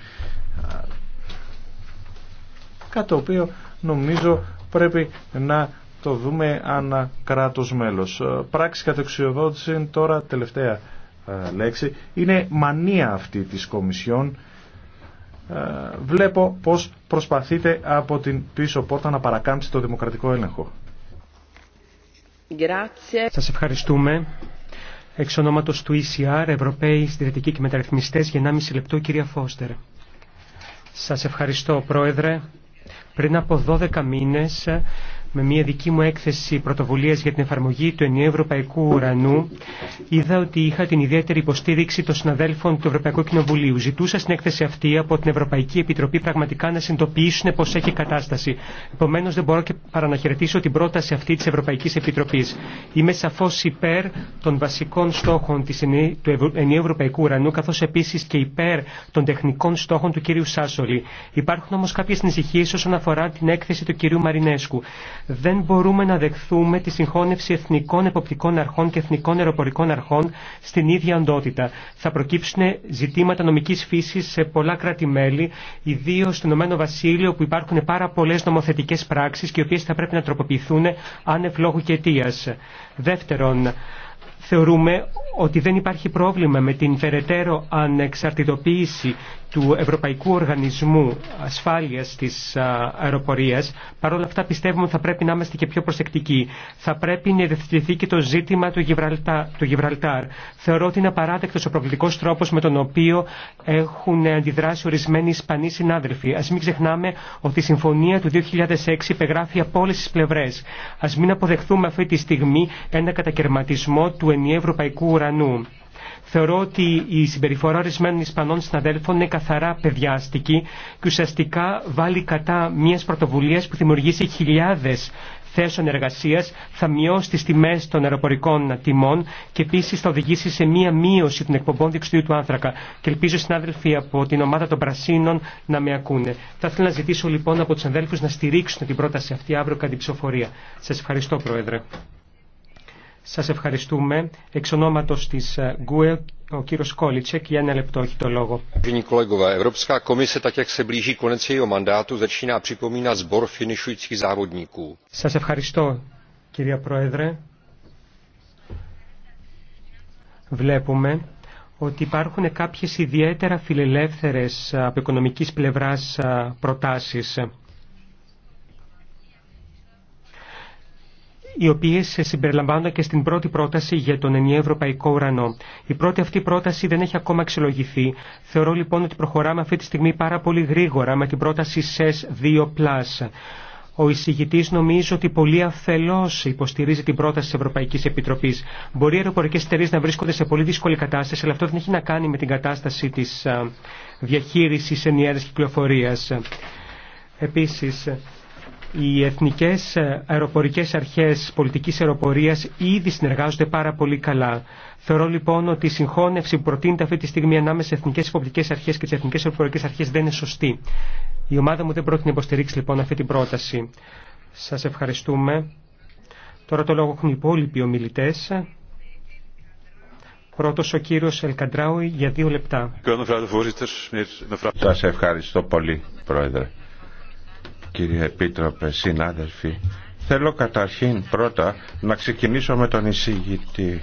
κάτι το οποίο νομίζω πρέπει να το δούμε ανά κράτος μέλος. Πράξη κατεξιοδότηση τώρα τελευταία λέξη. Είναι μανία αυτή της Κομισιόν. Ε, βλέπω πως προσπαθείτε από την πίσω πόρτα να παρακάμψει το δημοκρατικό έλεγχο. Σας ευχαριστούμε. Εξ ονόματος του ECR, Ευρωπαίοι Συντηρητικοί και Μεταρρυθμιστές, για 1,5 λεπτό, κυρία Φώστερ. Σας ευχαριστώ, Πρόεδρε. Πριν από 12 μήνες με μια δική μου έκθεση πρωτοβουλίας για την εφαρμογή του ενιαίου ευρωπαϊκού ουρανού, είδα ότι είχα την ιδιαίτερη υποστήριξη των συναδέλφων του Ευρωπαϊκού Κοινοβουλίου. Ζητούσα στην έκθεση αυτή από την Ευρωπαϊκή Επιτροπή πραγματικά να συνειδητοποιήσουν πώ έχει κατάσταση. Επομένω, δεν μπορώ και παρά να χαιρετήσω την πρόταση αυτή τη Ευρωπαϊκή Επιτροπή. Είμαι σαφώ υπέρ των βασικών στόχων της, του ενιαίου ευρωπαϊκού ουρανού, καθώ επίση και υπέρ των τεχνικών στόχων του κ. Σάσολη. Υπάρχουν όμω κάποιε ανησυχίε όσον αφορά την έκθεση του κυρίου Μαρινέσκου. Δεν μπορούμε να δεχθούμε τη συγχώνευση εθνικών εποπτικών αρχών και εθνικών αεροπορικών αρχών στην ίδια αντότητα. Θα προκύψουν ζητήματα νομική φύση σε πολλά κράτη-μέλη, ιδίω στον Ηνωμένο Βασίλειο, που υπάρχουν πάρα πολλέ νομοθετικέ πράξει και οι οποίε θα πρέπει να τροποποιηθούν άνευ λόγου και αιτία. Δεύτερον, θεωρούμε ότι δεν υπάρχει πρόβλημα με την περαιτέρω ανεξαρτητοποίηση του Ευρωπαϊκού Οργανισμού Ασφάλεια τη Αεροπορία. Παρ' όλα αυτά πιστεύουμε ότι θα πρέπει να είμαστε και πιο προσεκτικοί. Θα πρέπει να διευθυνθεί και το ζήτημα του, Γιβραλτά, του Γιβραλτάρ. Θεωρώ ότι είναι απαράδεκτο ο προβλητικό τρόπο με τον οποίο έχουν αντιδράσει ορισμένοι Ισπανοί συνάδελφοι. Α μην ξεχνάμε ότι η συμφωνία του 2006 υπεγράφει από όλε τι πλευρέ. Α μην αποδεχθούμε αυτή τη στιγμή ένα κατακαιρματισμό του ενιαίου ευρωπαϊκού ουρανού. Θεωρώ ότι η συμπεριφορά ορισμένων Ισπανών συναδέλφων είναι καθαρά παιδιάστικη και ουσιαστικά βάλει κατά μια πρωτοβουλία που δημιουργήσει χιλιάδε θέσεων εργασία, θα μειώσει τι τιμέ των αεροπορικών τιμών και επίση θα οδηγήσει σε μία μείωση των εκπομπών διοξιδίου του άνθρακα. Και ελπίζω συνάδελφοι από την ομάδα των Πρασίνων να με ακούνε. Θα ήθελα να ζητήσω λοιπόν από του αδέλφου να στηρίξουν την πρόταση αυτή αύριο κατά την ψηφοφορία. Σα ευχαριστώ, Πρόεδρε. Σας ευχαριστούμε. Εξ ονόματος της ε, ΓΚΟΕ, ο κύριος Κόλιτσεκ, για ένα λεπτό έχει το λόγο. Evropská komise, tak jak se blíží konec jejího mandátu, začíná připomínat sbor finišujících závodníků. Σας ευχαριστώ, κυρία Πρόεδρε. Βλέπουμε ότι υπάρχουν κάποιες ιδιαίτερα φιλελεύθερες ε, από οικονομικής πλευράς ε, προτάσεις. οι οποίε συμπεριλαμβάνονται και στην πρώτη πρόταση για τον ενιαίο ευρωπαϊκό ουρανό. Η πρώτη αυτή πρόταση δεν έχει ακόμα αξιολογηθεί. Θεωρώ λοιπόν ότι προχωράμε αυτή τη στιγμή πάρα πολύ γρήγορα με την πρόταση SES 2+. Ο εισηγητή νομίζω ότι πολύ αφελώ υποστηρίζει την πρόταση τη Ευρωπαϊκή Επιτροπή. Μπορεί οι αεροπορικέ εταιρείε να βρίσκονται σε πολύ δύσκολη κατάσταση, αλλά αυτό δεν έχει να κάνει με την κατάσταση τη διαχείριση ενιαία κυκλοφορία. Οι εθνικές αεροπορικές αρχές πολιτικής αεροπορίας ήδη συνεργάζονται πάρα πολύ καλά. Θεωρώ λοιπόν ότι η συγχώνευση που προτείνεται αυτή τη στιγμή ανάμεσα στις εθνικές υποπτικές αρχές και τις εθνικές αεροπορικές αρχές δεν είναι σωστή. Η ομάδα μου δεν πρόκειται να υποστηρίξει λοιπόν αυτή την πρόταση. Σας ευχαριστούμε. Τώρα το λόγο έχουν οι υπόλοιποι ομιλητέ. Πρώτος ο κύριος Ελκαντράουι για δύο λεπτά. Σας ευχαριστώ πολύ, Πρόεδρε κύριε Επίτροπε, συνάδελφοι. Θέλω καταρχήν πρώτα να ξεκινήσω με τον εισηγητή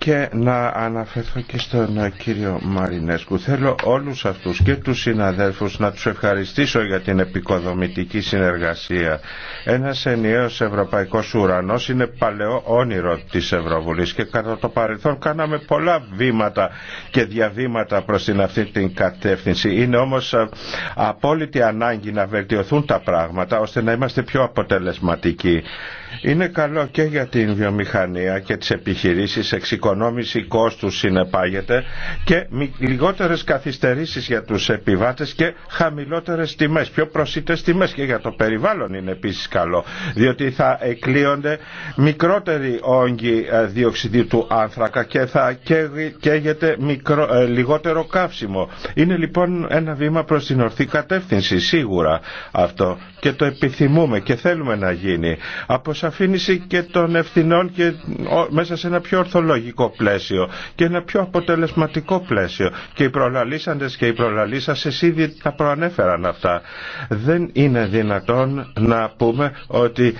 και να αναφερθώ και στον κύριο Μαρινέσκου. Θέλω όλους αυτούς και τους συναδέλφους να τους ευχαριστήσω για την επικοδομητική συνεργασία. Ένας ενιαίος ευρωπαϊκός ουρανός είναι παλαιό όνειρο της Ευρωβουλής και κατά το παρελθόν κάναμε πολλά βήματα και διαβήματα προς την αυτή την κατεύθυνση. Είναι όμως ε, απόλυτη ανάγκη να βελτιωθούν τα πράγματα ώστε να είμαστε πιο αποτελεσματικοί. Είναι καλό και για την βιομηχανία και τις επιχειρήσεις, εξοικονόμηση κόστους συνεπάγεται και λιγότερες καθυστερήσεις για τους επιβάτες και χαμηλότερες τιμές, πιο προσιτές τιμές και για το περιβάλλον είναι επίσης καλό, διότι θα εκλείονται μικρότεροι όγκοι ε, διοξιδίου του άνθρακα και θα καίγεται ε, λιγότερο καύσιμο. Είναι λοιπόν ένα βήμα προς την ορθή κατεύθυνση, σίγουρα αυτό και το επιθυμούμε και θέλουμε να γίνει. Από αφήνιση και των ευθυνών και μέσα σε ένα πιο ορθολογικό πλαίσιο και ένα πιο αποτελεσματικό πλαίσιο. Και οι προλαλήσαντες και οι σε ήδη τα προανέφεραν αυτά. Δεν είναι δυνατόν να πούμε ότι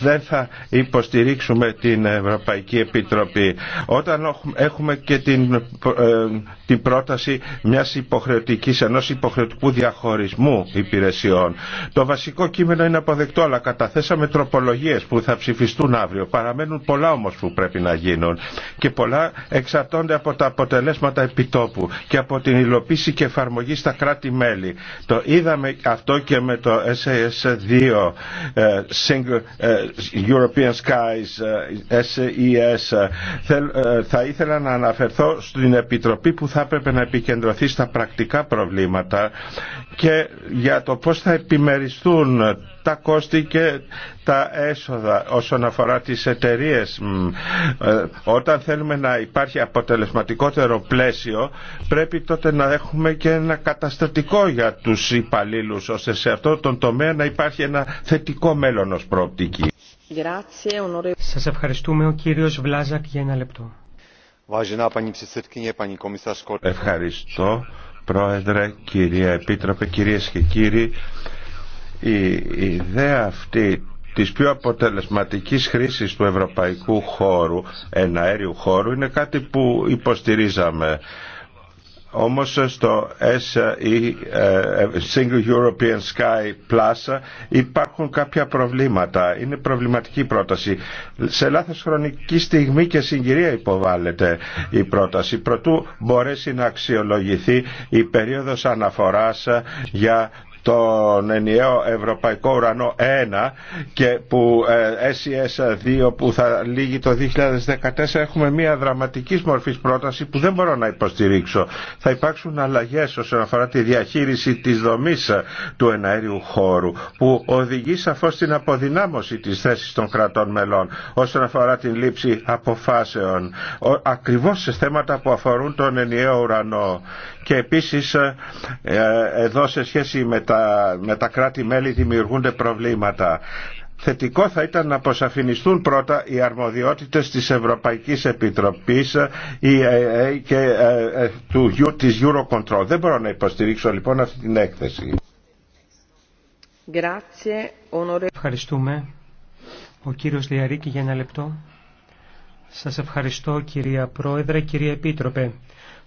δεν θα υποστηρίξουμε την Ευρωπαϊκή Επιτροπή. Όταν έχουμε και την, ε, την πρόταση μιας υποχρεωτικής, ενός υποχρεωτικού διαχωρισμού υπηρεσιών. Το βασικό κείμενο είναι αποδεκτό, αλλά καταθέσαμε τροπολογία που θα ψηφιστούν αύριο. Παραμένουν πολλά όμω που πρέπει να γίνουν και πολλά εξαρτώνται από τα αποτελέσματα επιτόπου και από την υλοποίηση και εφαρμογή στα κράτη-μέλη. Το είδαμε αυτό και με το SAS2 ε, Single ε, European Skies SES. Ε, e θα ήθελα να αναφερθώ στην Επιτροπή που θα έπρεπε να επικεντρωθεί στα πρακτικά προβλήματα και για το πώς θα επιμεριστούν τα κόστη και τα έσοδα όσον αφορά τις εταιρείε. Ε, όταν θέλουμε να υπάρχει αποτελεσματικότερο πλαίσιο πρέπει τότε να έχουμε και ένα καταστατικό για τους υπαλλήλου ώστε σε αυτό τον τομέα να υπάρχει ένα θετικό μέλλον ως προοπτική. Σας ευχαριστούμε ο κύριος Βλάζακ για ένα λεπτό. Ευχαριστώ. Πρόεδρε, κυρία Επίτροπε, κυρίες και κύριοι, η ιδέα αυτή της πιο αποτελεσματικής χρήσης του ευρωπαϊκού χώρου, εναέριου χώρου, είναι κάτι που υποστηρίζαμε. Όμως στο SE, ε, Single European Sky Plus υπάρχουν κάποια προβλήματα. Είναι προβληματική πρόταση. Σε λάθος χρονική στιγμή και συγκυρία υποβάλλεται η πρόταση. Προτού μπορέσει να αξιολογηθεί η περίοδος αναφοράς για τον ενιαίο Ευρωπαϊκό Ουρανό 1 και που SES ε, 2 e που θα λύγει το 2014 έχουμε μια δραματικής μορφής πρόταση που δεν μπορώ να υποστηρίξω. Θα υπάρξουν αλλαγές όσον αφορά τη διαχείριση της δομής του εναέριου χώρου που οδηγεί σαφώς στην αποδυνάμωση της θέσης των κρατών μελών όσον αφορά την λήψη αποφάσεων ακριβώς σε θέματα που αφορούν τον ενιαίο ουρανό και επίσης ε, ε, εδώ σε σχέση με τα, κράτη-μέλη δημιουργούνται προβλήματα. Θετικό θα ήταν να αποσαφινιστούν πρώτα οι αρμοδιότητες της Ευρωπαϊκής Επιτροπής ε και του, της Eurocontrol. Δεν μπορώ να υποστηρίξω λοιπόν αυτή την έκθεση. Ευχαριστούμε. Ο κύριος Λιαρίκη για ένα λεπτό. Σας ευχαριστώ κυρία Πρόεδρε, κυρία Επίτροπε.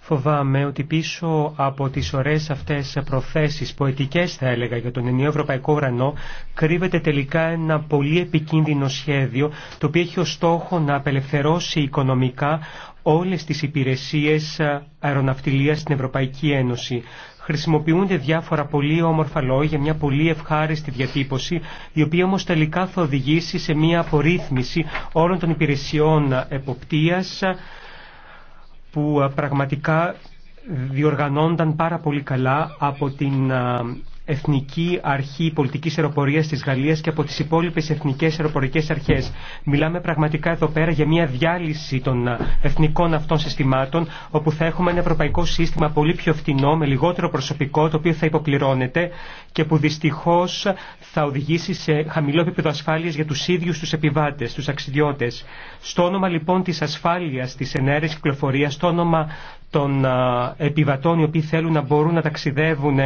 Φοβάμαι ότι πίσω από τις ωραίες αυτές προθέσεις, ποετικές θα έλεγα, για τον ενιαίο ευρωπαϊκό ουρανό, κρύβεται τελικά ένα πολύ επικίνδυνο σχέδιο, το οποίο έχει ως στόχο να απελευθερώσει οικονομικά όλες τις υπηρεσίες αεροναυτιλίας στην Ευρωπαϊκή Ένωση. Χρησιμοποιούνται διάφορα πολύ όμορφα λόγια, μια πολύ ευχάριστη διατύπωση, η οποία όμως τελικά θα οδηγήσει σε μια απορρίθμιση όλων των υπηρεσιών εποπτείας, που πραγματικά διοργανώνταν πάρα πολύ καλά από την Εθνική Αρχή Πολιτικής Αεροπορίας της Γαλλίας και από τις υπόλοιπες εθνικές αεροπορικές αρχές. Μιλάμε πραγματικά εδώ πέρα για μια διάλυση των εθνικών αυτών συστημάτων, όπου θα έχουμε ένα ευρωπαϊκό σύστημα πολύ πιο φτηνό, με λιγότερο προσωπικό, το οποίο θα υποπληρώνεται και που δυστυχώ θα οδηγήσει σε χαμηλό επίπεδο ασφάλειας για του ίδιου του επιβάτε, του αξιδιώτε, Στο όνομα λοιπόν τη ασφάλεια, τη ενέργεια κυκλοφορία, στο όνομα των επιβατών οι οποίοι θέλουν να μπορούν να ταξιδεύουν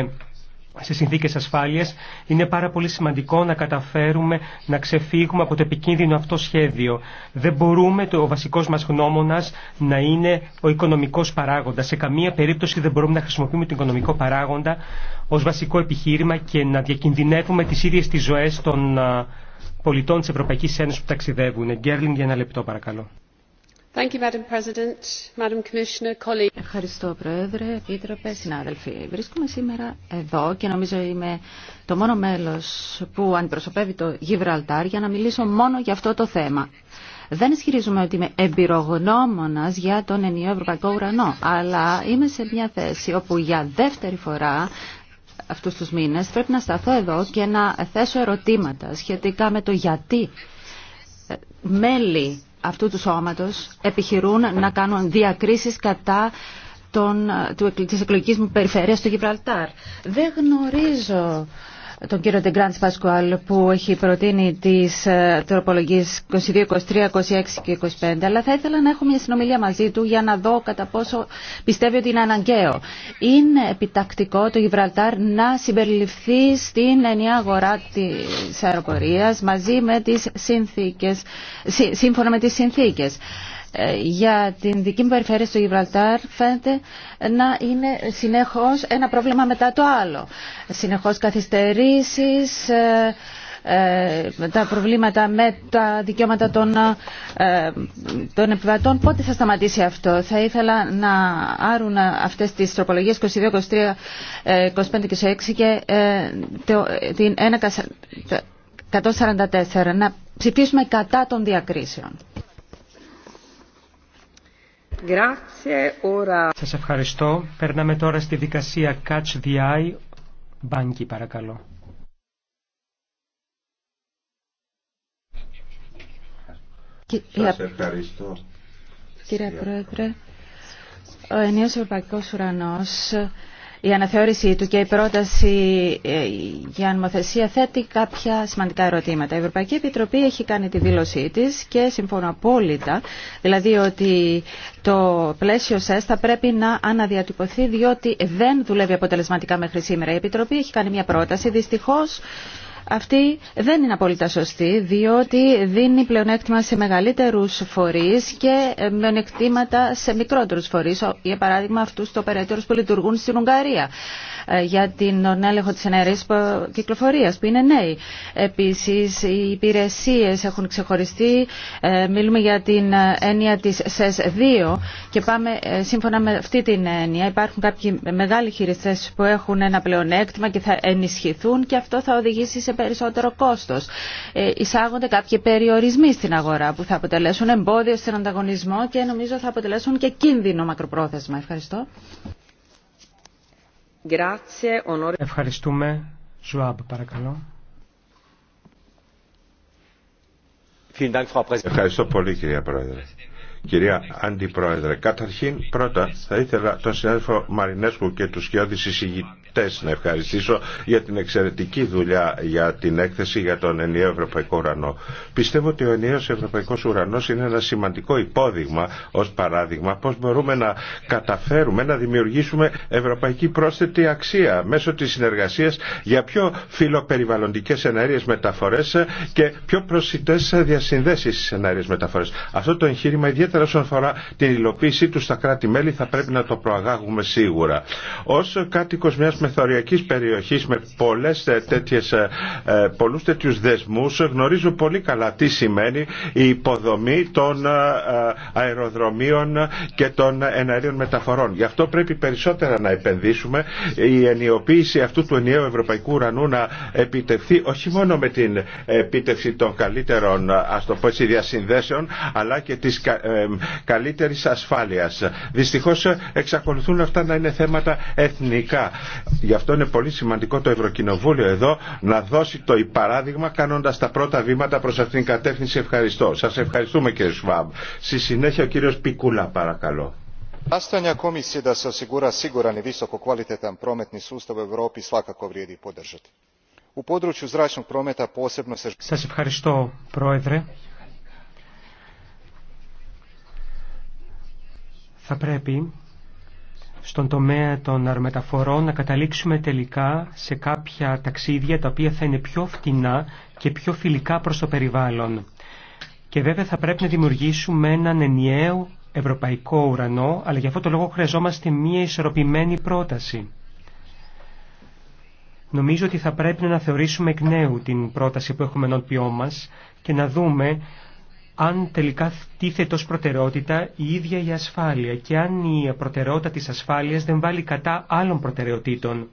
σε συνθήκες ασφάλειας, είναι πάρα πολύ σημαντικό να καταφέρουμε να ξεφύγουμε από το επικίνδυνο αυτό σχέδιο. Δεν μπορούμε το, ο βασικός μας γνώμονας να είναι ο οικονομικός παράγοντας. Σε καμία περίπτωση δεν μπορούμε να χρησιμοποιούμε τον οικονομικό παράγοντα ως βασικό επιχείρημα και να διακινδυνεύουμε τις ίδιες τις ζωές των πολιτών της Ευρωπαϊκής Ένωσης που ταξιδεύουν. Γκέρλινγκ, για ένα λεπτό παρακαλώ. Ευχαριστώ, Πρόεδρε, Επίτροπε, συνάδελφοι. Βρίσκομαι σήμερα εδώ και νομίζω είμαι το μόνο μέλος που αντιπροσωπεύει το Γιβραλτάρ για να μιλήσω μόνο για αυτό το θέμα. Δεν ισχυρίζομαι ότι είμαι εμπειρογνώμονα για τον ενιαίο ευρωπαϊκό ουρανό, αλλά είμαι σε μια θέση όπου για δεύτερη φορά αυτούς τους μήνες πρέπει να σταθώ εδώ και να θέσω ερωτήματα σχετικά με το γιατί μέλη αυτού του σώματος επιχειρούν να κάνουν διακρίσεις κατά τη του, εκλογικής μου περιφέρειας στο Γιβραλτάρ. Δεν γνωρίζω τον κύριο Τεγκράντ Πασκουάλ που έχει προτείνει τι τροπολογίε 22, 23, 26 και 25, αλλά θα ήθελα να έχω μια συνομιλία μαζί του για να δω κατά πόσο πιστεύει ότι είναι αναγκαίο. Είναι επιτακτικό το Γιβραλτάρ να συμπεριληφθεί στην ενιαία αγορά τη αεροπορία μαζί με τι συνθήκε, σύμφωνα με τι συνθήκε. Ε, για την δική μου περιφέρεια στο Γιβραλτάρ φαίνεται να είναι συνεχώς ένα πρόβλημα μετά το άλλο. Συνεχώς καθυστερήσεις, ε, ε, τα προβλήματα με τα δικαιώματα των, επιβατών. Πότε θα σταματήσει αυτό. Θα ήθελα να άρουν αυτές τις τροπολογίες 22, 23, 25 και 26 και την 144 να ψηφίσουμε κατά των διακρίσεων. Σας ευχαριστώ. Περνάμε τώρα στη δικασία Catch the Eye. Μπάνκι παρακαλώ. Σας ευχαριστώ. Κύριε Πρόεδρε, ο ενίος Ευρωπαϊκός Ουρανός η αναθεώρησή του και η πρόταση ε, για νομοθεσία θέτει κάποια σημαντικά ερωτήματα. Η Ευρωπαϊκή Επιτροπή έχει κάνει τη δήλωσή της και συμφωνώ απόλυτα, δηλαδή ότι το πλαίσιο ΣΕΣ θα πρέπει να αναδιατυπωθεί διότι δεν δουλεύει αποτελεσματικά μέχρι σήμερα. Η Επιτροπή έχει κάνει μια πρόταση, δυστυχώς αυτή δεν είναι απόλυτα σωστή, διότι δίνει πλεονέκτημα σε μεγαλύτερους φορείς και μειονεκτήματα σε μικρότερους φορείς, για παράδειγμα αυτού το περαιτέρω που λειτουργούν στην Ουγγαρία ε, για τον έλεγχο της ενεργής κυκλοφορίας, που είναι νέοι. Επίσης, οι υπηρεσίες έχουν ξεχωριστεί. Ε, μιλούμε για την ε, έννοια της ΣΕΣ 2 και πάμε σύμφωνα με αυτή την έννοια. Υπάρχουν κάποιοι μεγάλοι χειριστές που έχουν ένα πλεονέκτημα και θα ενισχυθούν και αυτό θα οδηγήσει σε περισσότερο κόστος. Ε, εισάγονται κάποιοι περιορισμοί στην αγορά που θα αποτελέσουν εμπόδιο στην ανταγωνισμό και νομίζω θα αποτελέσουν και κίνδυνο μακροπρόθεσμα. Ευχαριστώ. Ευχαριστούμε. Ζουάμπ, παρακαλώ. Ευχαριστώ πολύ κυρία Πρόεδρε. Κυρία Αντιπρόεδρε, καταρχήν πρώτα θα ήθελα τον συνάδελφο Μαρινέσκου και τους κοιόδης εισηγητές να ευχαριστήσω για την εξαιρετική δουλειά για την έκθεση για τον ενιαίο ευρωπαϊκό ουρανό. Πιστεύω ότι ο ενιαίος ευρωπαϊκός ουρανός είναι ένα σημαντικό υπόδειγμα ως παράδειγμα πώς μπορούμε να καταφέρουμε να δημιουργήσουμε ευρωπαϊκή πρόσθετη αξία μέσω της συνεργασίας για πιο φιλοπεριβαλλοντικές ενέργειες μεταφορές και πιο προσιτές διασυνδέσεις στις ενέργειες μεταφορές. Αυτό το εγχείρημα ιδιαίτερα όσον αφορά την υλοποίησή του στα κράτη-μέλη θα πρέπει να το προαγάγουμε σίγουρα. Ως κάτοικος μιας μεθοριακής περιοχής με πολλές ε, τέτοιες, ε, ε, πολλούς τέτοιους δεσμούς γνωρίζουν πολύ καλά τι σημαίνει η υποδομή των αεροδρομίων και των εναερίων μεταφορών. Γι' αυτό πρέπει περισσότερα να επενδύσουμε η ενιοποίηση αυτού του ενιαίου ευρωπαϊκού ουρανού να επιτευχθεί όχι μόνο με την επίτευξη των καλύτερων ας διασυνδέσεων αλλά και της καλύτερης ασφάλειας. Δυστυχώς εξακολουθούν αυτά να είναι θέματα εθνικά. Γι' αυτό είναι πολύ σημαντικό το Ευρωκοινοβούλιο εδώ να δώσει το παράδειγμα κάνοντας τα πρώτα βήματα προς αυτήν την κατεύθυνση. Ευχαριστώ. Σας ευχαριστούμε κύριε Σουάμπ. Στη συνέχεια ο κύριος Πικούλα παρακαλώ. Nastojanja komisije da se osigura siguran i visoko kvalitetan ευχαριστώ, Πρόεδρε. Θα πρέπει στον τομέα των αρμεταφορών να καταλήξουμε τελικά σε κάποια ταξίδια τα οποία θα είναι πιο φτηνά και πιο φιλικά προς το περιβάλλον. Και βέβαια θα πρέπει να δημιουργήσουμε έναν ενιαίο ευρωπαϊκό ουρανό, αλλά για αυτό το λόγο χρειαζόμαστε μία ισορροπημένη πρόταση. Νομίζω ότι θα πρέπει να θεωρήσουμε εκ νέου την πρόταση που έχουμε ενώπιό μας και να δούμε αν τελικά τίθεται ως προτεραιότητα η ίδια η ασφάλεια και αν η προτεραιότητα της ασφάλειας δεν βάλει κατά άλλων προτεραιοτήτων.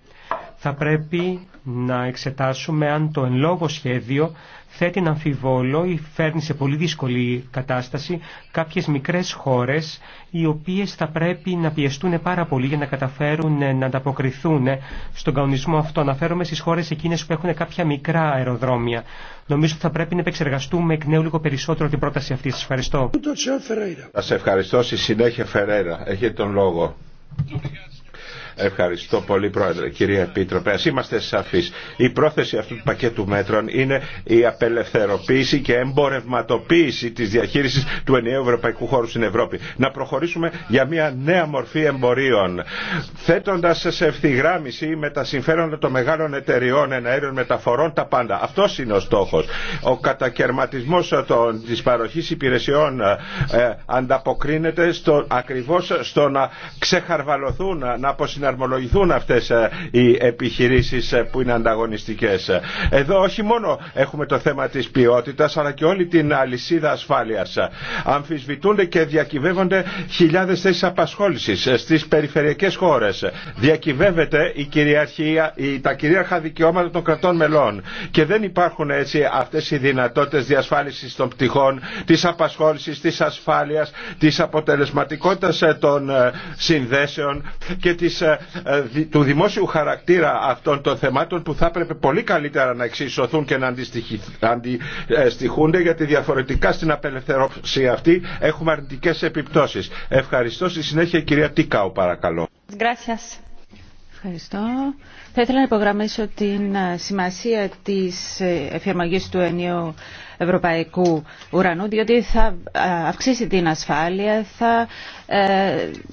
Θα πρέπει να εξετάσουμε αν το εν λόγω σχέδιο θέτει να αμφιβόλο ή φέρνει σε πολύ δύσκολη κατάσταση κάποιες μικρές χώρες οι οποίες θα πρέπει να πιεστούν πάρα πολύ για να καταφέρουν ε, να ανταποκριθούν ε, στον καονισμό αυτό. Αναφέρομαι στις χώρες εκείνες που έχουν κάποια μικρά αεροδρόμια. Νομίζω ότι θα πρέπει να επεξεργαστούμε εκ νέου λίγο περισσότερο την πρόταση αυτή. Σας ευχαριστώ. Σας ευχαριστώ. Στη συνέχεια Φερέρα. Έχετε τον λόγο. Ευχαριστώ πολύ Πρόεδρε, κυρία Επίτροπε. Α είμαστε σαφεί. Η πρόθεση αυτού του πακέτου μέτρων είναι η απελευθερωποίηση και εμπορευματοποίηση τη διαχείριση του ενιαίου ευρωπαϊκού χώρου στην Ευρώπη. Να προχωρήσουμε για μια νέα μορφή εμπορίων. θέτοντα σε ευθυγράμμιση με τα συμφέροντα των μεγάλων εταιριών εναέριων μεταφορών τα πάντα. Αυτό είναι ο στόχο. Ο κατακαιρματισμό τη παροχή υπηρεσιών ε, ανταποκρίνεται στο, στο να ξεχαρβαλωθούν, να εναρμολογηθούν αυτές ε, οι επιχειρήσεις ε, που είναι ανταγωνιστικές. Εδώ όχι μόνο έχουμε το θέμα της ποιότητας αλλά και όλη την αλυσίδα ασφάλειας. Αμφισβητούνται και διακυβεύονται χιλιάδες θέσεις απασχόλησης ε, στις περιφερειακές χώρες. Διακυβεύεται η κυριαρχία, τα κυρίαρχα δικαιώματα των κρατών μελών και δεν υπάρχουν έτσι αυτές οι δυνατότητες διασφάλισης των πτυχών, της απασχόλησης, της ασφάλειας, της αποτελεσματικότητας των συνδέσεων και της ε, του δημόσιου χαρακτήρα αυτών των θεμάτων που θα έπρεπε πολύ καλύτερα να εξισωθούν και να αντιστοιχούνται γιατί διαφορετικά στην απελευθερώση αυτή έχουμε αρνητικές επιπτώσεις. Ευχαριστώ. Στη συνέχεια κυρία Τίκαου παρακαλώ. Gracias. Ευχαριστώ. Θα ήθελα να υπογραμμίσω την ε, σημασία της ε, εφαρμογής του ενίου ευρωπαϊκού ουρανού, διότι θα αυξήσει την ασφάλεια, θα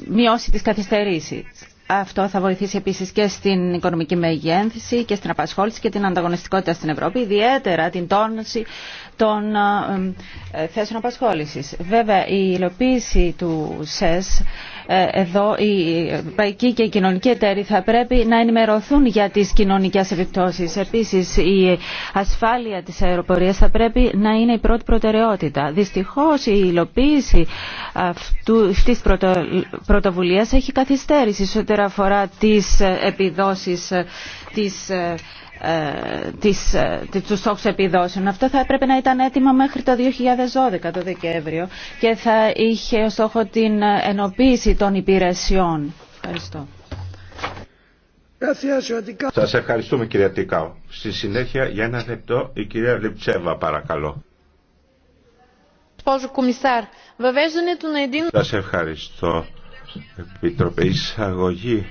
μειώσει τις καθυστερήσεις. Αυτό θα βοηθήσει επίση και στην οικονομική μεγένθηση και στην απασχόληση και την ανταγωνιστικότητα στην Ευρώπη, ιδιαίτερα την τόνωση των ε, ε, θέσεων απασχόληση. Βέβαια, η υλοποίηση του ΣΕΣ ε, εδώ οι παϊκοί ε, και οι κοινωνικοί εταίροι θα πρέπει να ενημερωθούν για τις κοινωνικές επιπτώσεις. Επίσης η ασφάλεια της αεροπορίας θα πρέπει να είναι η πρώτη προτεραιότητα. Δυστυχώς η υλοποίηση αυτής πρωτοβουλίας έχει καθυστέρηση σε ό,τι αφορά τις ε, επιδόσεις της ε, της, ε, του στόχους επιδόσεων. Αυτό θα έπρεπε να ήταν έτοιμο μέχρι το 2012 το Δεκέμβριο και θα είχε ως στόχο την ε, ενοποίηση των υπηρεσιών. Ευχαριστώ. Σα ευχαριστούμε κυρία Τικάου. Στη συνέχεια για ένα λεπτό η κυρία Λιπτσέβα παρακαλώ. Σα ευχαριστώ. Επιτροπή εισαγωγή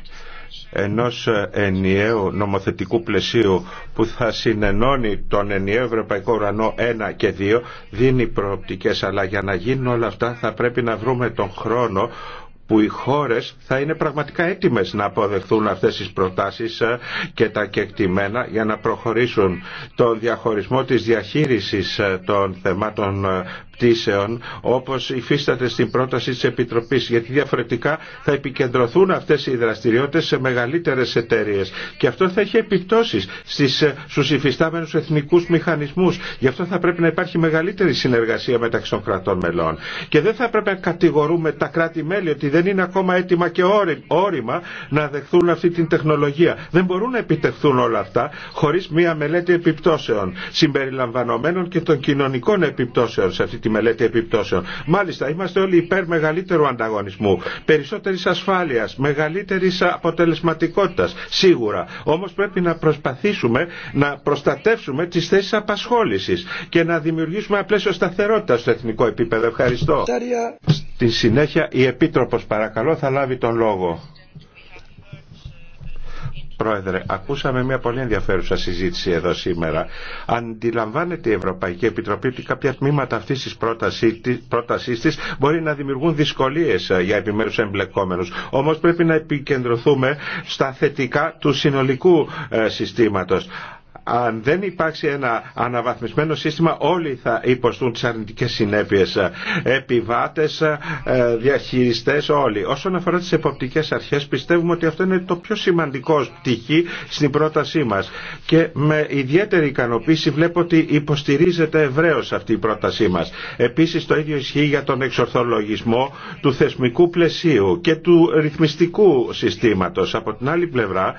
ενός ε, ενιαίου νομοθετικού πλαισίου που θα συνενώνει τον ενιαίο Ευρωπαϊκό Ουρανό 1 και 2 δίνει προοπτικές αλλά για να γίνουν όλα αυτά θα πρέπει να βρούμε τον χρόνο που οι χώρες θα είναι πραγματικά έτοιμες να αποδεχθούν αυτές τις προτάσεις ε, και τα κεκτημένα για να προχωρήσουν τον διαχωρισμό της διαχείρισης ε, των θεμάτων πτήσεων όπως υφίσταται στην πρόταση της Επιτροπής γιατί διαφορετικά θα επικεντρωθούν αυτές οι δραστηριότητες σε μεγαλύτερες εταιρείε. και αυτό θα έχει επιπτώσεις στις, στους υφιστάμενους εθνικούς μηχανισμούς γι' αυτό θα πρέπει να υπάρχει μεγαλύτερη συνεργασία μεταξύ των κρατών μελών και δεν θα πρέπει να κατηγορούμε τα κράτη-μέλη ότι δεν είναι ακόμα έτοιμα και όριμα να δεχθούν αυτή την τεχνολογία δεν μπορούν να επιτευχθούν όλα αυτά χωρίς μια μελέτη επιπτώσεων συμπεριλαμβανομένων και των κοινωνικών επιπτώσεων σε αυτή τη μελέτη επιπτώσεων. Μάλιστα, είμαστε όλοι υπέρ μεγαλύτερου ανταγωνισμού, περισσότερη ασφάλεια, μεγαλύτερη αποτελεσματικότητα. Σίγουρα. Όμω πρέπει να προσπαθήσουμε να προστατεύσουμε τι θέσει απασχόληση και να δημιουργήσουμε ένα πλαίσιο σταθερότητα στο εθνικό επίπεδο. Ευχαριστώ. Στη συνέχεια η Επίτροπος παρακαλώ θα λάβει τον λόγο. Πρόεδρε, ακούσαμε μια πολύ ενδιαφέρουσα συζήτηση εδώ σήμερα. Αντιλαμβάνεται η Ευρωπαϊκή Επιτροπή ότι κάποια τμήματα αυτή τη πρότασή τη μπορεί να δημιουργούν δυσκολίε ε, για επιμέρου εμπλεκόμενου. Όμω πρέπει να επικεντρωθούμε στα θετικά του συνολικού ε, συστήματο αν δεν υπάρξει ένα αναβαθμισμένο σύστημα όλοι θα υποστούν τις αρνητικές συνέπειες επιβάτες, ε, διαχειριστές όλοι. Όσον αφορά τις εποπτικές αρχές πιστεύουμε ότι αυτό είναι το πιο σημαντικό πτυχή στην πρότασή μας και με ιδιαίτερη ικανοποίηση βλέπω ότι υποστηρίζεται ευρέω αυτή η πρότασή μας. Επίσης το ίδιο ισχύει για τον εξορθολογισμό του θεσμικού πλαισίου και του ρυθμιστικού συστήματος. Από την άλλη πλευρά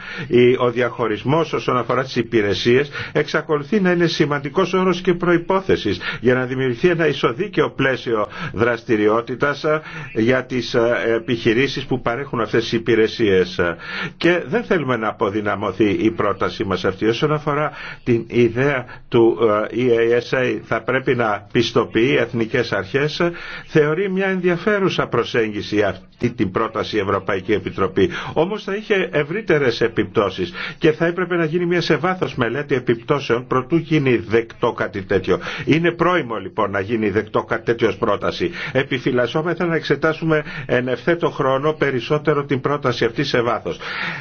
ο διαχωρισμός όσον αφορά τις υπηρεσίες εξακολουθεί να είναι σημαντικός όρος και προϋπόθεσης για να δημιουργηθεί ένα ισοδίκαιο πλαίσιο δραστηριότητας ε, για τις ε, επιχειρήσεις που παρέχουν αυτές τις υπηρεσίες. Και δεν θέλουμε να αποδυναμωθεί η πρότασή μας αυτή. Όσον αφορά την ιδέα του ε, EASA θα πρέπει να πιστοποιεί εθνικές αρχές, θεωρεί μια ενδιαφέρουσα προσέγγιση αυτή την πρόταση η Ευρωπαϊκή Επιτροπή. Όμως θα είχε ευρύτερες επιπτώσεις και θα έπρεπε να γίνει μια σε βάθος μελέτη κάτι επιπτώσεων προτού γίνει δεκτό κάτι τέτοιο. Είναι πρόημο λοιπόν να γίνει δεκτό κάτι τέτοιο πρόταση. Επιφυλασσόμεθα να εξετάσουμε εν ευθέτω χρόνο περισσότερο την πρόταση αυτή σε βάθο.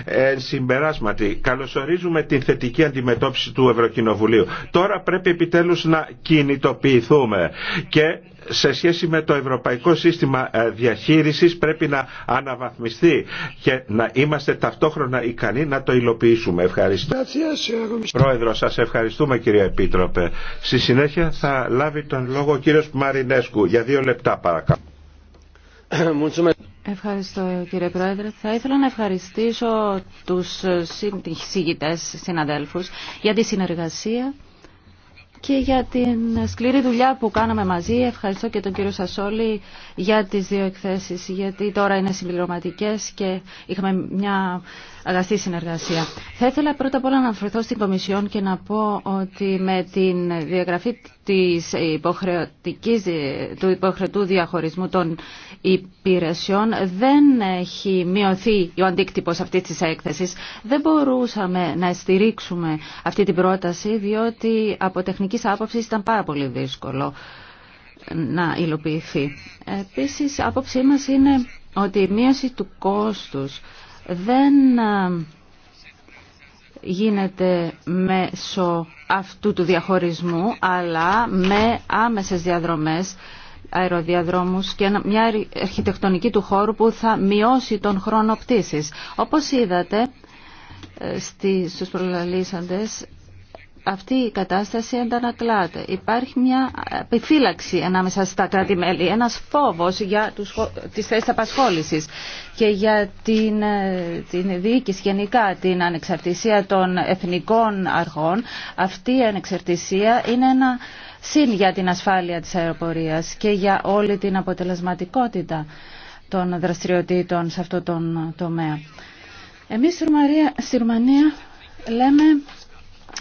Εν συμπεράσματι, καλωσορίζουμε την θετική αντιμετώπιση του Ευρωκοινοβουλίου. Τώρα πρέπει επιτέλου να κινητοποιηθούμε και σε σχέση με το ευρωπαϊκό σύστημα ε, διαχείρισης πρέπει να αναβαθμιστεί και να είμαστε ταυτόχρονα ικανοί να το υλοποιήσουμε. Ευχαριστώ. Πρόεδρο, σας ευχαριστούμε κύριε Επίτροπε. Στη συνέχεια θα λάβει τον λόγο ο κύριος Μαρινέσκου. Για δύο λεπτά παρακαλώ. Ευχαριστώ κύριε Πρόεδρε. Θα ήθελα να ευχαριστήσω τους συγητές συναδέλφους για τη συνεργασία και για την σκληρή δουλειά που κάναμε μαζί. Ευχαριστώ και τον κύριο Σασόλη για τις δύο εκθέσεις, γιατί τώρα είναι συμπληρωματικές και είχαμε μια αγαστή συνεργασία. Θα ήθελα πρώτα απ' όλα να αναφερθώ στην Κομισιόν και να πω ότι με την διαγραφή της υποχρεωτικής, του υποχρεωτού διαχωρισμού των υπηρεσιών δεν έχει μειωθεί ο αντίκτυπος αυτής της έκθεσης. Δεν μπορούσαμε να στηρίξουμε αυτή την πρόταση διότι από τεχνική άποψης ήταν πάρα πολύ δύσκολο να υλοποιηθεί. Επίσης, άποψή μας είναι ότι η μείωση του κόστους δεν γίνεται μέσω αυτού του διαχωρισμού, αλλά με άμεσες διαδρομές, αεροδιαδρόμους και μια αρχιτεκτονική του χώρου που θα μειώσει τον χρόνο πτήσης. Όπως είδατε, ε, στους προλαλήσαντες αυτή η κατάσταση αντανακλάται. Υπάρχει μια επιφύλαξη ανάμεσα στα κράτη-μέλη, ένας φόβος για τους, τις θέσεις απασχόλησης και για την, ε, την διοίκηση γενικά, την ανεξαρτησία των εθνικών αρχών. Αυτή η ανεξαρτησία είναι ένα συν για την ασφάλεια της αεροπορίας και για όλη την αποτελεσματικότητα των δραστηριοτήτων σε αυτό τον τομέα. Εμείς στη Ρουμανία λέμε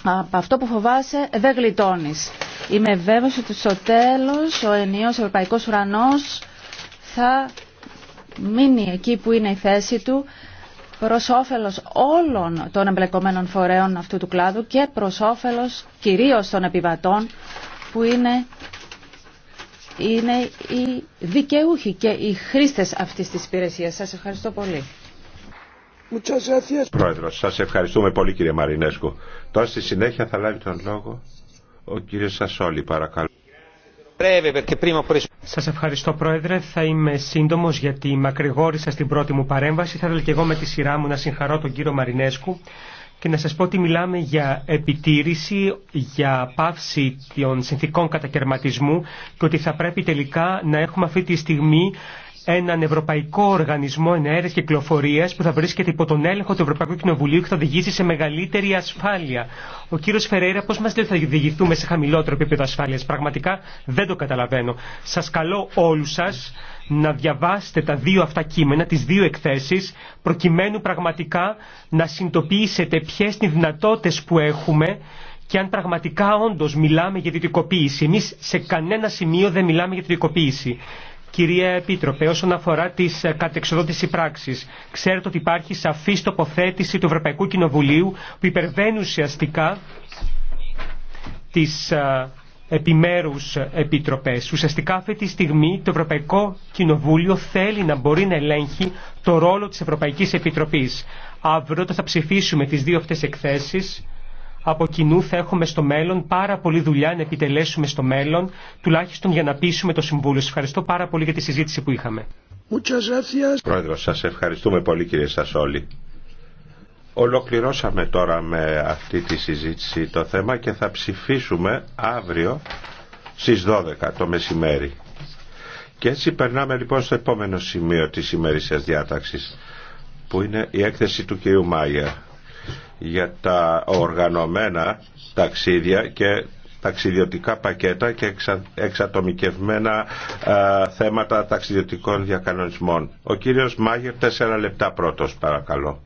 από αυτό που φοβάσαι δεν γλιτώνεις. Είμαι βέβαιος ότι στο τέλος ο ενίος ευρωπαϊκός ουρανός θα μείνει εκεί που είναι η θέση του προς όφελος όλων των εμπλεκομένων φορέων αυτού του κλάδου και προς όφελος κυρίως των επιβατών που είναι, είναι οι δικαιούχοι και οι χρήστες αυτής της υπηρεσία. Σας ευχαριστώ πολύ. Πρόεδρος, σας ευχαριστούμε πολύ κύριε Τώρα στη συνέχεια θα λάβει τον λόγο ο κύριος Σασόλη, παρακαλώ. Σα ευχαριστώ Πρόεδρε. Θα είμαι σύντομος γιατί μακρηγόρησα στην πρώτη μου παρέμβαση. Θα ήθελα και εγώ με τη σειρά μου να συγχαρώ τον κύριο Μαρινέσκου και να σας πω ότι μιλάμε για επιτήρηση, για πάυση των συνθήκων κατακαιρματισμού και ότι θα πρέπει τελικά να έχουμε αυτή τη στιγμή έναν ευρωπαϊκό οργανισμό ενέργεια κυκλοφορία που θα βρίσκεται υπό τον έλεγχο του Ευρωπαϊκού Κοινοβουλίου και θα οδηγήσει σε μεγαλύτερη ασφάλεια. Ο κύριο Φεραίρα, πώ μα λέει ότι θα διηγηθούμε σε χαμηλότερο επίπεδο ασφάλεια. Πραγματικά δεν το καταλαβαίνω. Σα καλώ όλου σα να διαβάσετε τα δύο αυτά κείμενα, τι δύο εκθέσει, προκειμένου πραγματικά να συνειδητοποιήσετε ποιε είναι οι δυνατότητε που έχουμε και αν πραγματικά όντω μιλάμε για διδικοποίηση. Εμεί σε κανένα σημείο δεν μιλάμε για διδικοποίηση. Κυρία Επίτροπε, όσον αφορά τι ε, κατεξοδότηση πράξη, ξέρετε ότι υπάρχει σαφή τοποθέτηση του Ευρωπαϊκού Κοινοβουλίου που υπερβαίνει ουσιαστικά τι ε, επιμέρους επιτροπές. Ουσιαστικά αυτή τη στιγμή το Ευρωπαϊκό Κοινοβούλιο θέλει να μπορεί να ελέγχει το ρόλο της Ευρωπαϊκής Επιτροπής. Αύριο θα ψηφίσουμε τι δύο αυτέ εκθέσει από κοινού θα έχουμε στο μέλλον πάρα πολλή δουλειά να επιτελέσουμε στο μέλλον, τουλάχιστον για να πείσουμε το Συμβούλιο. Σας ευχαριστώ πάρα πολύ για τη συζήτηση που είχαμε. Πρόεδρος, σας ευχαριστούμε πολύ κύριε Σασόλη. Ολοκληρώσαμε τώρα με αυτή τη συζήτηση το θέμα και θα ψηφίσουμε αύριο στις 12 το μεσημέρι. Και έτσι περνάμε λοιπόν στο επόμενο σημείο της ημερήσιας διάταξης που είναι η έκθεση του κ. Μάγερ για τα οργανωμένα ταξίδια και ταξιδιωτικά πακέτα και εξατομικευμένα θέματα ταξιδιωτικών διακανονισμών. Ο κύριος Μάγερ, τέσσερα λεπτά πρώτος παρακαλώ.